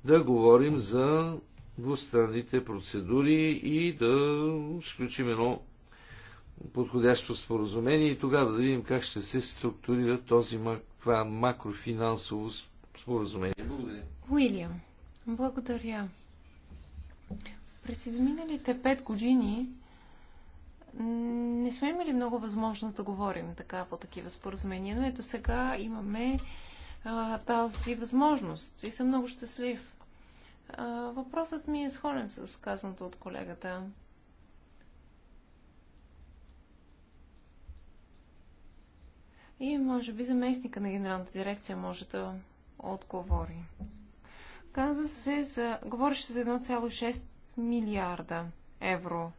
да говорим за двустранните процедури и да сключим едно подходящо споразумение и тогава да видим как ще се структурира този, това макрофинансово споразумение. Благодаря. Уилям, благодаря. През изминалите пет години не сме имали много възможност да говорим така по такива споразумения, но ето сега имаме а, тази възможност и съм много щастлив. А, въпросът ми е сходен с казаното от колегата. И може би заместника на генералната дирекция може да отговори. Каза се за... Говореше за 1,6 милиарда евро.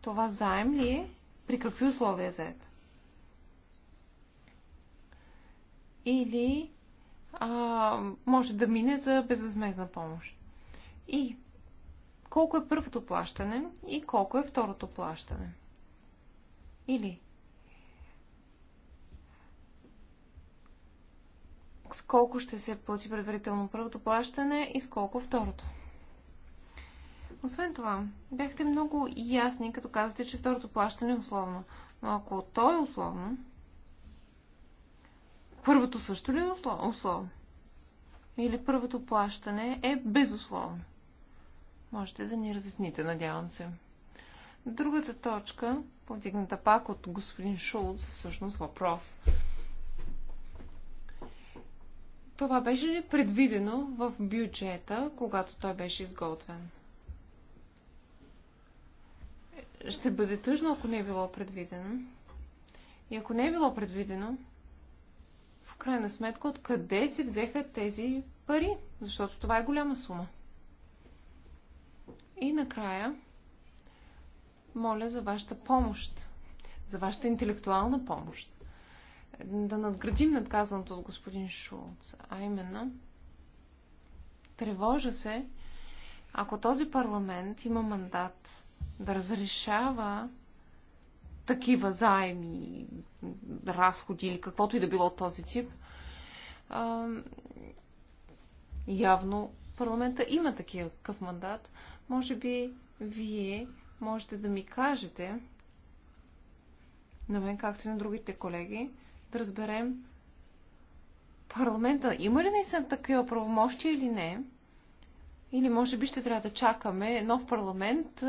Това заем ли е? При какви условия е заед? Или а, може да мине за безвъзмезна помощ. И колко е първото плащане и колко е второто плащане. Или с колко ще се плати предварително първото плащане и с колко второто. Освен това, бяхте много ясни, като казате, че второто плащане е условно. Но ако то е условно, първото също ли е условно? Или първото плащане е безусловно? Можете да ни разясните, надявам се. Другата точка, повдигната пак от господин Шулц, е всъщност въпрос – това беше ли предвидено в бюджета, когато той беше изготвен? Ще бъде тъжно, ако не е било предвидено. И ако не е било предвидено, в крайна сметка, откъде се взеха тези пари? Защото това е голяма сума. И накрая, моля за вашата помощ, за вашата интелектуална помощ да надградим над казаното от господин Шулц, а именно тревожа се, ако този парламент има мандат да разрешава такива заеми, разходи или каквото и да било от този тип, явно парламента има такива какъв мандат. Може би вие можете да ми кажете, на мен както и на другите колеги, да разберем парламента има ли наистина такива правомощия или не. Или може би ще трябва да чакаме нов парламент,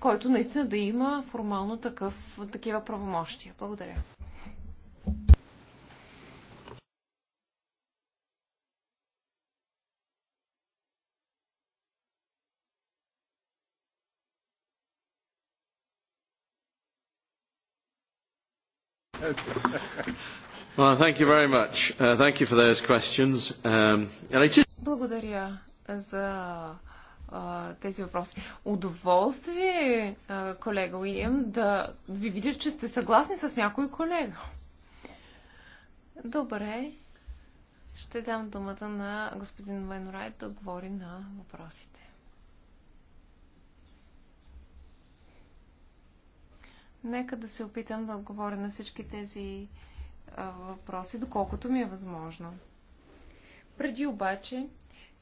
който наистина да има формално такъв, такива правомощия. Благодаря. Uh, um, Благодаря за тези въпроси. Удоволствие, колега Уилям, да ви видя, че сте съгласни с някой колега. Добре. Ще дам думата на господин Вайнрайт да отговори на въпросите. Нека да се опитам да отговоря на всички тези а, въпроси, доколкото ми е възможно. Преди обаче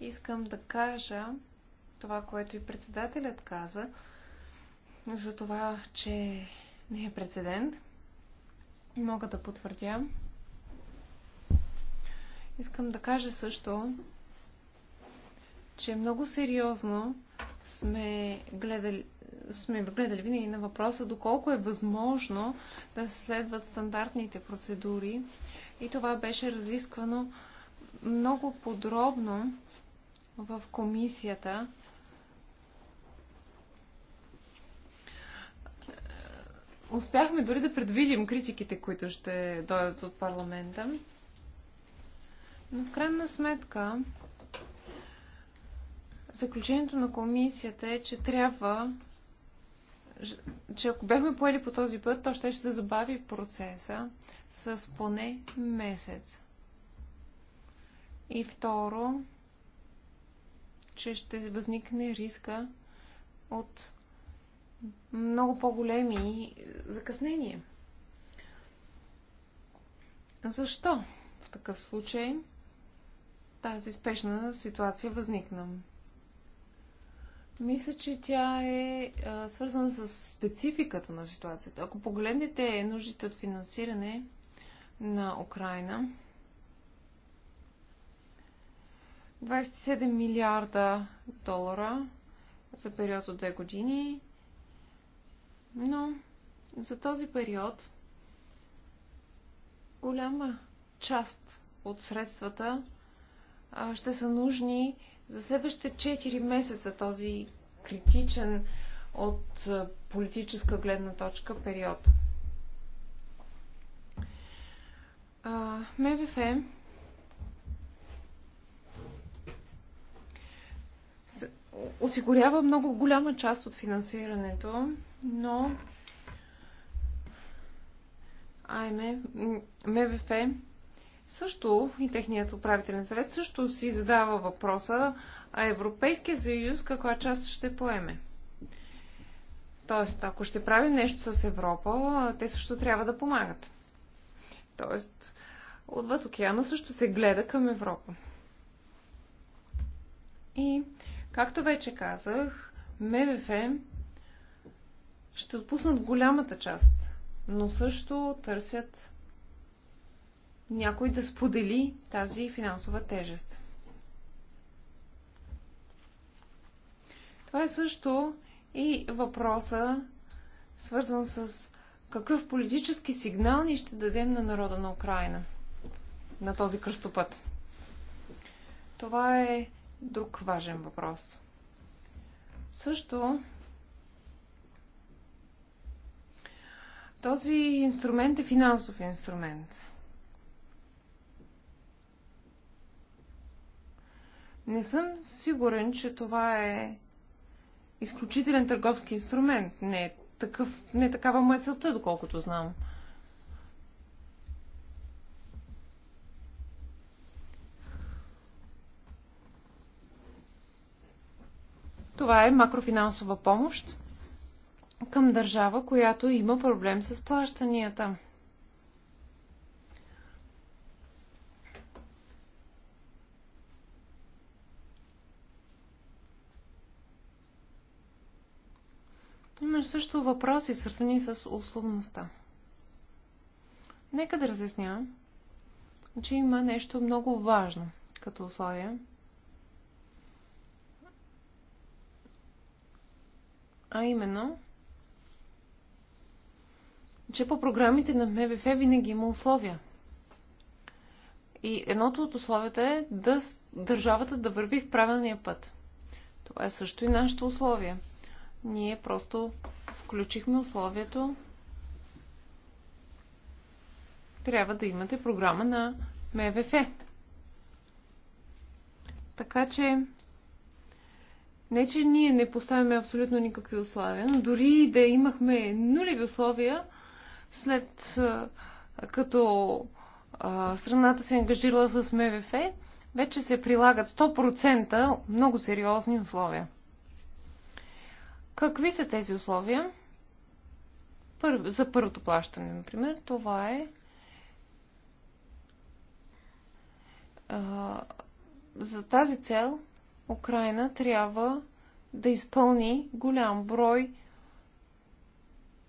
искам да кажа това, което и председателят каза, за това, че не е прецедент. Мога да потвърдя. Искам да кажа също, че много сериозно сме гледали, сме гледали винаги на въпроса доколко е възможно да се следват стандартните процедури и това беше разисквано много подробно в комисията. Успяхме дори да предвидим критиките, които ще дойдат от парламента. Но в крайна сметка, заключението на комисията е, че трябва че ако бяхме поели по този път, то ще ще да забави процеса с поне месец. И второ, че ще възникне риска от много по-големи закъснения. Защо в такъв случай тази спешна ситуация възникна? Мисля, че тя е а, свързана с спецификата на ситуацията. Ако погледнете нуждите от финансиране на Украина, 27 милиарда долара за период от две години, но за този период голяма част от средствата ще са нужни за следващите 4 месеца този критичен от политическа гледна точка период. МВФ осигурява много голяма част от финансирането, но АМ, МВФ също и техният управителен съвет също си задава въпроса, а Европейския съюз каква част ще поеме. Тоест, ако ще правим нещо с Европа, те също трябва да помагат. Тоест, отвъд океана също се гледа към Европа. И, както вече казах, МВФ ще отпуснат голямата част, но също търсят някой да сподели тази финансова тежест. Това е също и въпроса, свързан с какъв политически сигнал ни ще дадем на народа на Украина на този кръстопът. Това е друг важен въпрос. Също този инструмент е финансов инструмент. Не съм сигурен, че това е изключителен търговски инструмент. Не, е такъв, не е такава му е целта, доколкото знам. Това е макрофинансова помощ към държава, която има проблем с плащанията. Имаш също въпроси, свързани с условността. Нека да разясня, че има нещо много важно като условие. А именно, че по програмите на МВФ винаги има условия. И едното от условията е да държавата да върви в правилния път. Това е също и нашето условие. Ние просто включихме условието трябва да имате програма на МВФ. Така че не, че ние не поставяме абсолютно никакви условия, но дори да имахме нулеви условия, след като а, страната се е ангажирала с МВФ, вече се прилагат 100% много сериозни условия. Какви са тези условия? за първото плащане, например, това е а, за тази цел Украина трябва да изпълни голям брой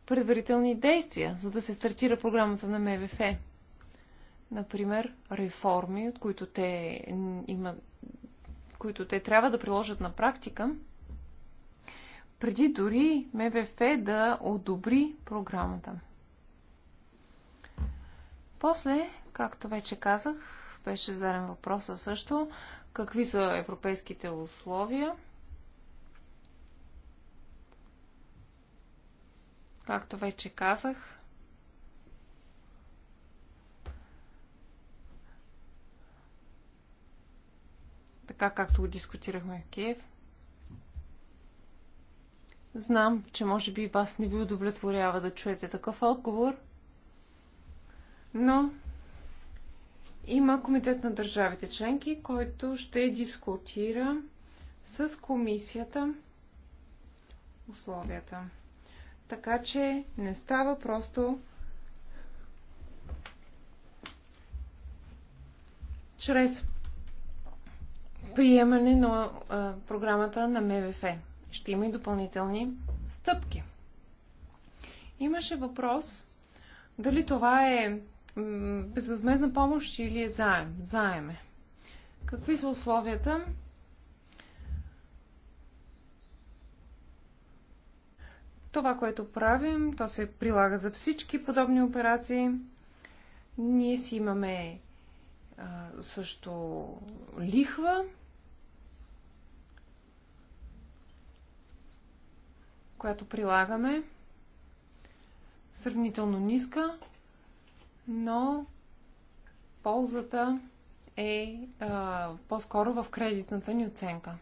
предварителни действия, за да се стартира програмата на МВФ. Например, реформи, от които те, имат, които те трябва да приложат на практика – преди дори МВФ да одобри програмата. После, както вече казах, беше зададен въпроса също, какви са европейските условия. Както вече казах, така както го дискутирахме в Киев, Знам, че може би вас не ви удовлетворява да чуете такъв отговор, но има комитет на държавите членки, който ще дискутира с комисията условията. Така че не става просто чрез приемане на а, програмата на МВФ ще има и допълнителни стъпки. Имаше въпрос дали това е безвъзмезна помощ или е заем. Заеме. Какви са условията? Това, което правим, то се прилага за всички подобни операции. Ние си имаме а, също лихва, която прилагаме, сравнително ниска, но ползата е по-скоро в кредитната ни оценка.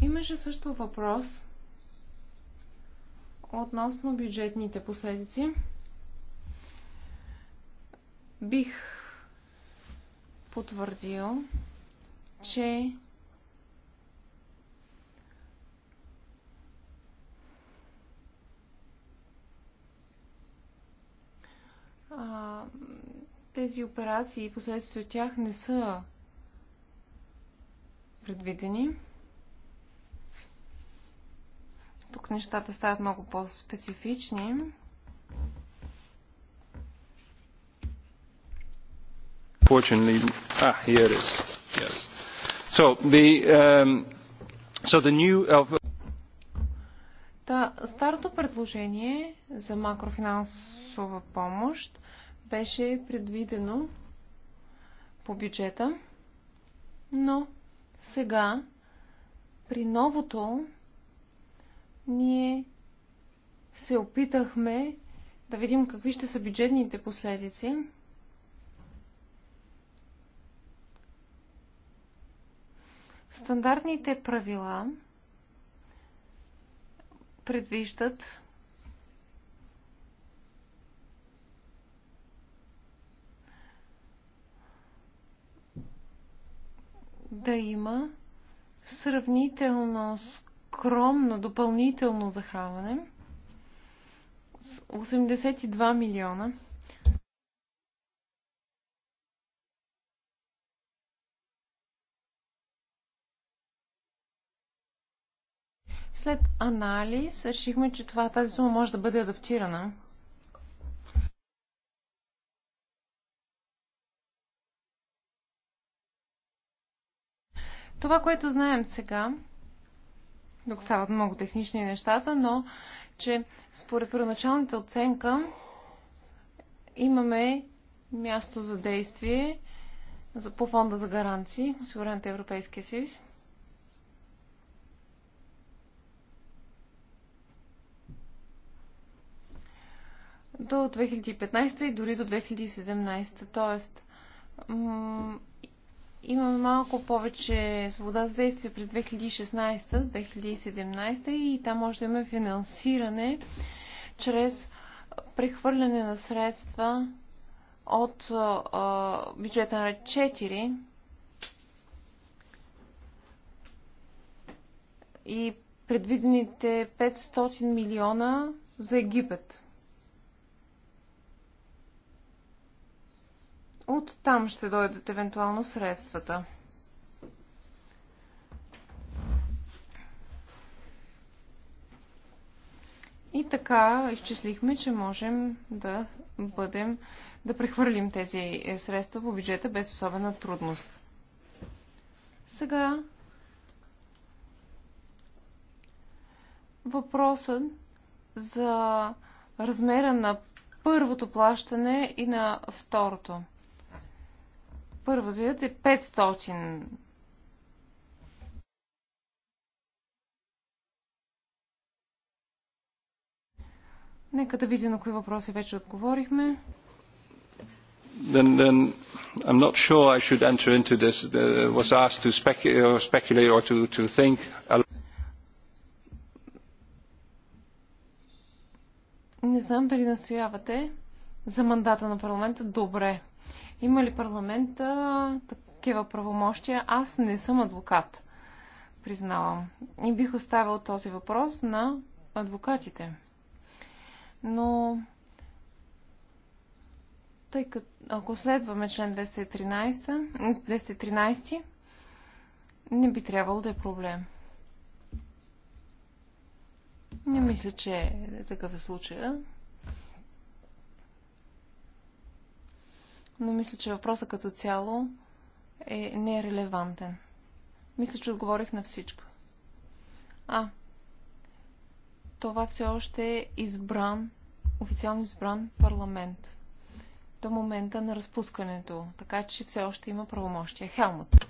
Имаше също въпрос относно бюджетните последици. Бих потвърдил, че а, тези операции и последствия от тях не са предвидени. Тук нещата стават много по-специфични. unfortunately, ah, here it is. Yes. So the um, so the new of Та, старото предложение за макрофинансова помощ беше предвидено по бюджета, но сега при новото ние се опитахме да видим какви ще са бюджетните последици Стандартните правила предвиждат да има сравнително скромно допълнително захранване с 82 милиона След анализ решихме, че това, тази сума може да бъде адаптирана. Това, което знаем сега, тук стават много технични нещата, но че според първоначалната оценка имаме място за действие за, по фонда за гаранции, осигурен от Европейския съюз. до 2015 и дори до 2017. Тоест, имаме малко повече свобода за действие през 2016-2017 и там може да имаме финансиране чрез прехвърляне на средства от а, бюджета на 4 и предвидените 500 милиона за Египет. От там ще дойдат евентуално средствата. И така изчислихме, че можем да бъдем, да прехвърлим тези е, средства по бюджета без особена трудност. Сега въпросът за размера на първото плащане и на второто. Първият е 500. Нека да видим на кои въпроси вече отговорихме. Then, then I'm not sure I should enter into this. Uh, was asked to specu or uh, speculate or to, to think. Не знам дали настоявате за мандата на парламента. Добре. Има ли парламента такива правомощия? Аз не съм адвокат, признавам. И бих оставил този въпрос на адвокатите. Но тъй като ако следваме член 213, 213, не би трябвало да е проблем. Не мисля, че е такъв е случая. но мисля, че въпросът като цяло е, нерелевантен. Мисля, че отговорих на всичко. А, това все още е избран, официално избран парламент до момента на разпускането, така че все още има правомощия. Хелмут.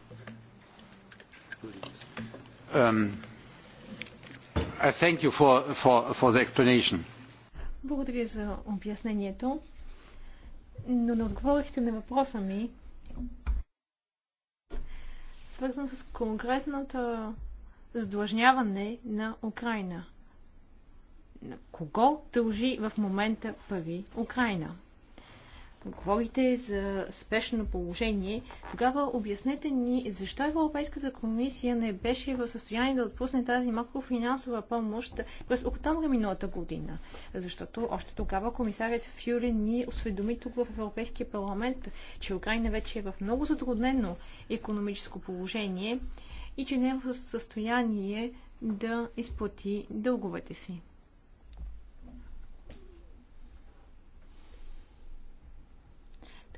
Um, for, for, for Благодаря за обяснението но не отговорихте на въпроса ми, свързан с конкретното задлъжняване на Украина. На кого дължи в момента пари Украина? говорите за спешно положение, тогава обяснете ни защо Европейската комисия не беше в състояние да отпусне тази макрофинансова помощ през октомври миналата година. Защото още тогава комисарят Фюри ни осведоми тук в Европейския парламент, че Украина вече е в много затруднено економическо положение и че не е в състояние да изплати дълговете си.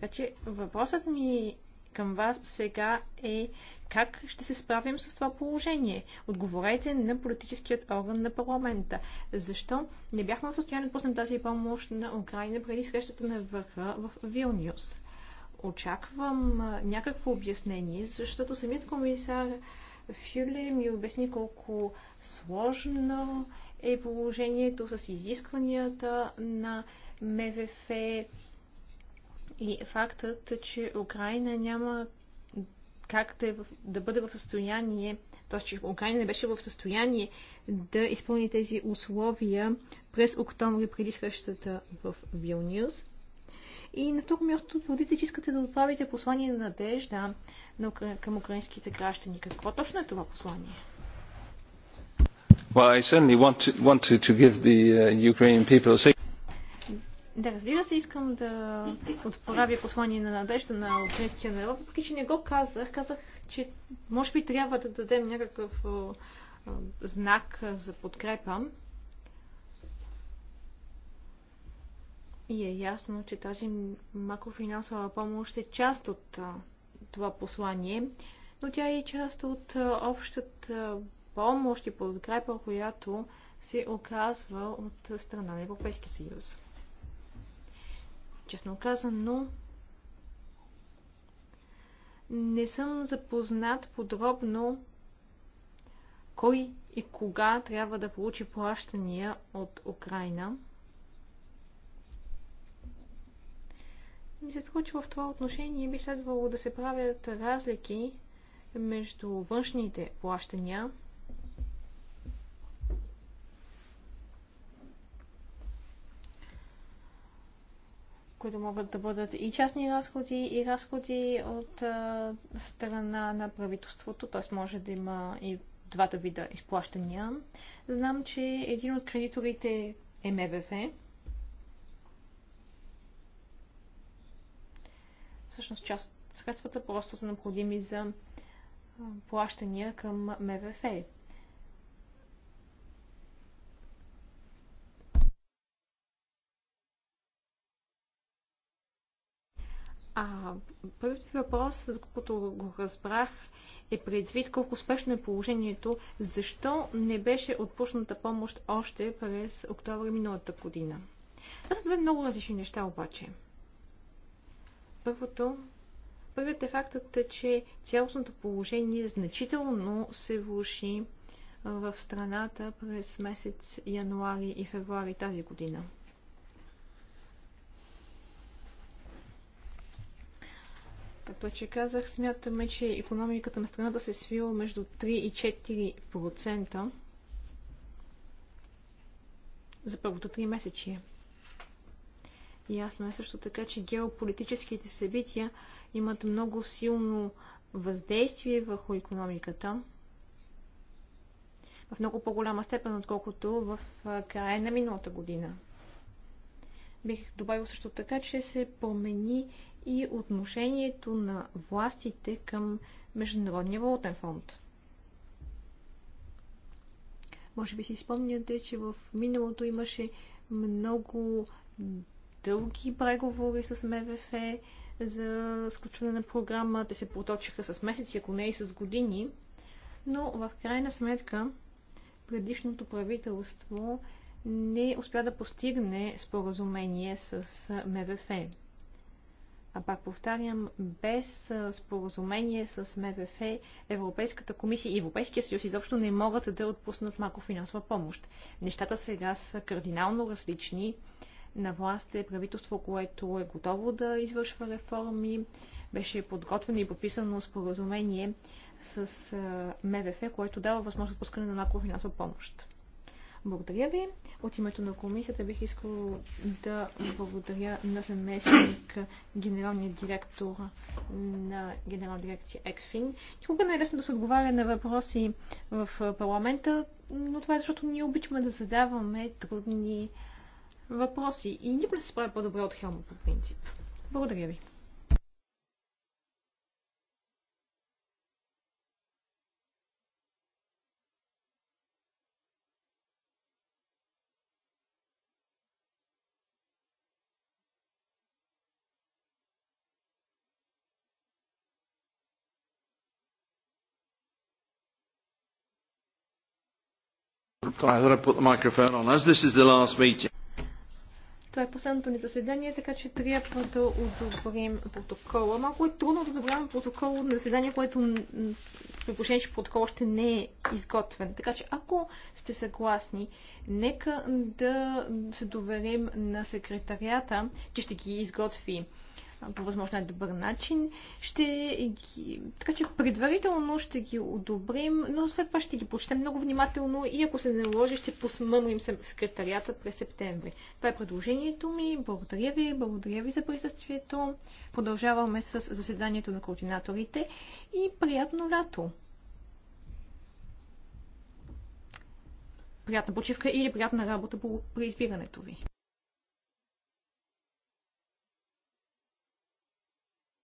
Така че въпросът ми към вас сега е как ще се справим с това положение? Отговорете на политическият орган на парламента. Защо не бяхме в състояние да пуснем тази помощ на Украина преди срещата на върха в Вилниус? Очаквам някакво обяснение, защото самият комисар Фюле ми обясни колко сложно е положението с изискванията на МВФ, и фактът, че Украина няма как да, е в, да бъде в състояние, т.е. че Украина не беше в състояние да изпълни тези условия през октомври преди срещата в Вилнюс. И на второ място твърдите, че искате да отправите послание на надежда към украинските граждани. Какво точно е това послание? Well, I certainly want to, want to, to give the uh, Ukrainian people a да, разбира се, искам да отправя послание на надежда на украинския народ, въпреки че не го казах. Казах, че може би трябва да дадем някакъв знак за подкрепа. И е ясно, че тази макрофинансова помощ е част от това послание, но тя е и част от общата помощ и подкрепа, която се оказва от страна на Европейския съюз. Честно казано, не съм запознат подробно кой и кога трябва да получи плащания от Украина. Ми се случва в това отношение би следвало да се правят разлики между външните плащания – които могат да бъдат и частни разходи, и разходи от а, страна на правителството, т.е. може да има и двата вида изплащания. Знам, че един от кредиторите е МВФ. Всъщност част от средствата просто са необходими за плащания към МВФ. А първият въпрос, доколкото го разбрах, е предвид колко успешно е положението, защо не беше отпусната помощ още през октомври миналата година. Това са две много различни неща обаче. Първото, първият е фактът, че цялостното положение значително се влуши в страната през месец януари и февруари тази година. Както че казах, смятаме, че економиката на страната се е свива между 3 и 4% за първото 3 месечие. Ясно е също така, че геополитическите събития имат много силно въздействие върху економиката. В много по-голяма степен, отколкото в края на миналата година. Бих добавил също така, че се промени и отношението на властите към Международния валутен фонд. Може би си спомняте, че в миналото имаше много дълги преговори с МВФ за сключване на програма. Те се проточиха с месеци, ако не и с години. Но в крайна сметка предишното правителство не успя да постигне споразумение с МВФ. А пак повтарям, без споразумение с МВФ, Европейската комисия и Европейския съюз изобщо не могат да отпуснат макрофинансова помощ. Нещата сега са кардинално различни. На власт е правителство, което е готово да извършва реформи. Беше подготвено и подписано споразумение с МВФ, което дава възможност отпускане на макрофинансова помощ. Благодаря ви. От името на комисията бих искал да благодаря на заместник генералния директор на генерална дирекция ЕКФИН. Никога не е лесно да се отговаря на въпроси в парламента, но това е защото ние обичаме да задаваме трудни въпроси и никога не се справя по-добре от Хелма по принцип. Благодаря ви. Това е последното ни заседание, така че трябва да одобрим протокола. Малко е трудно да одобряваме протокол на заседание, което при положение, че протокол още не е изготвен. Така че ако сте съгласни, нека да се доверим на секретарията, че ще ги изготви по възможно най-добър начин. Ще ги... Така че предварително ще ги одобрим, но след това ще ги почтем много внимателно и ако се наложи, ще посмъмрим секретарията през септември. Това е предложението ми. Благодаря ви, благодаря ви за присъствието. Продължаваме с заседанието на координаторите и приятно лято! Приятна почивка или приятна работа при избирането ви.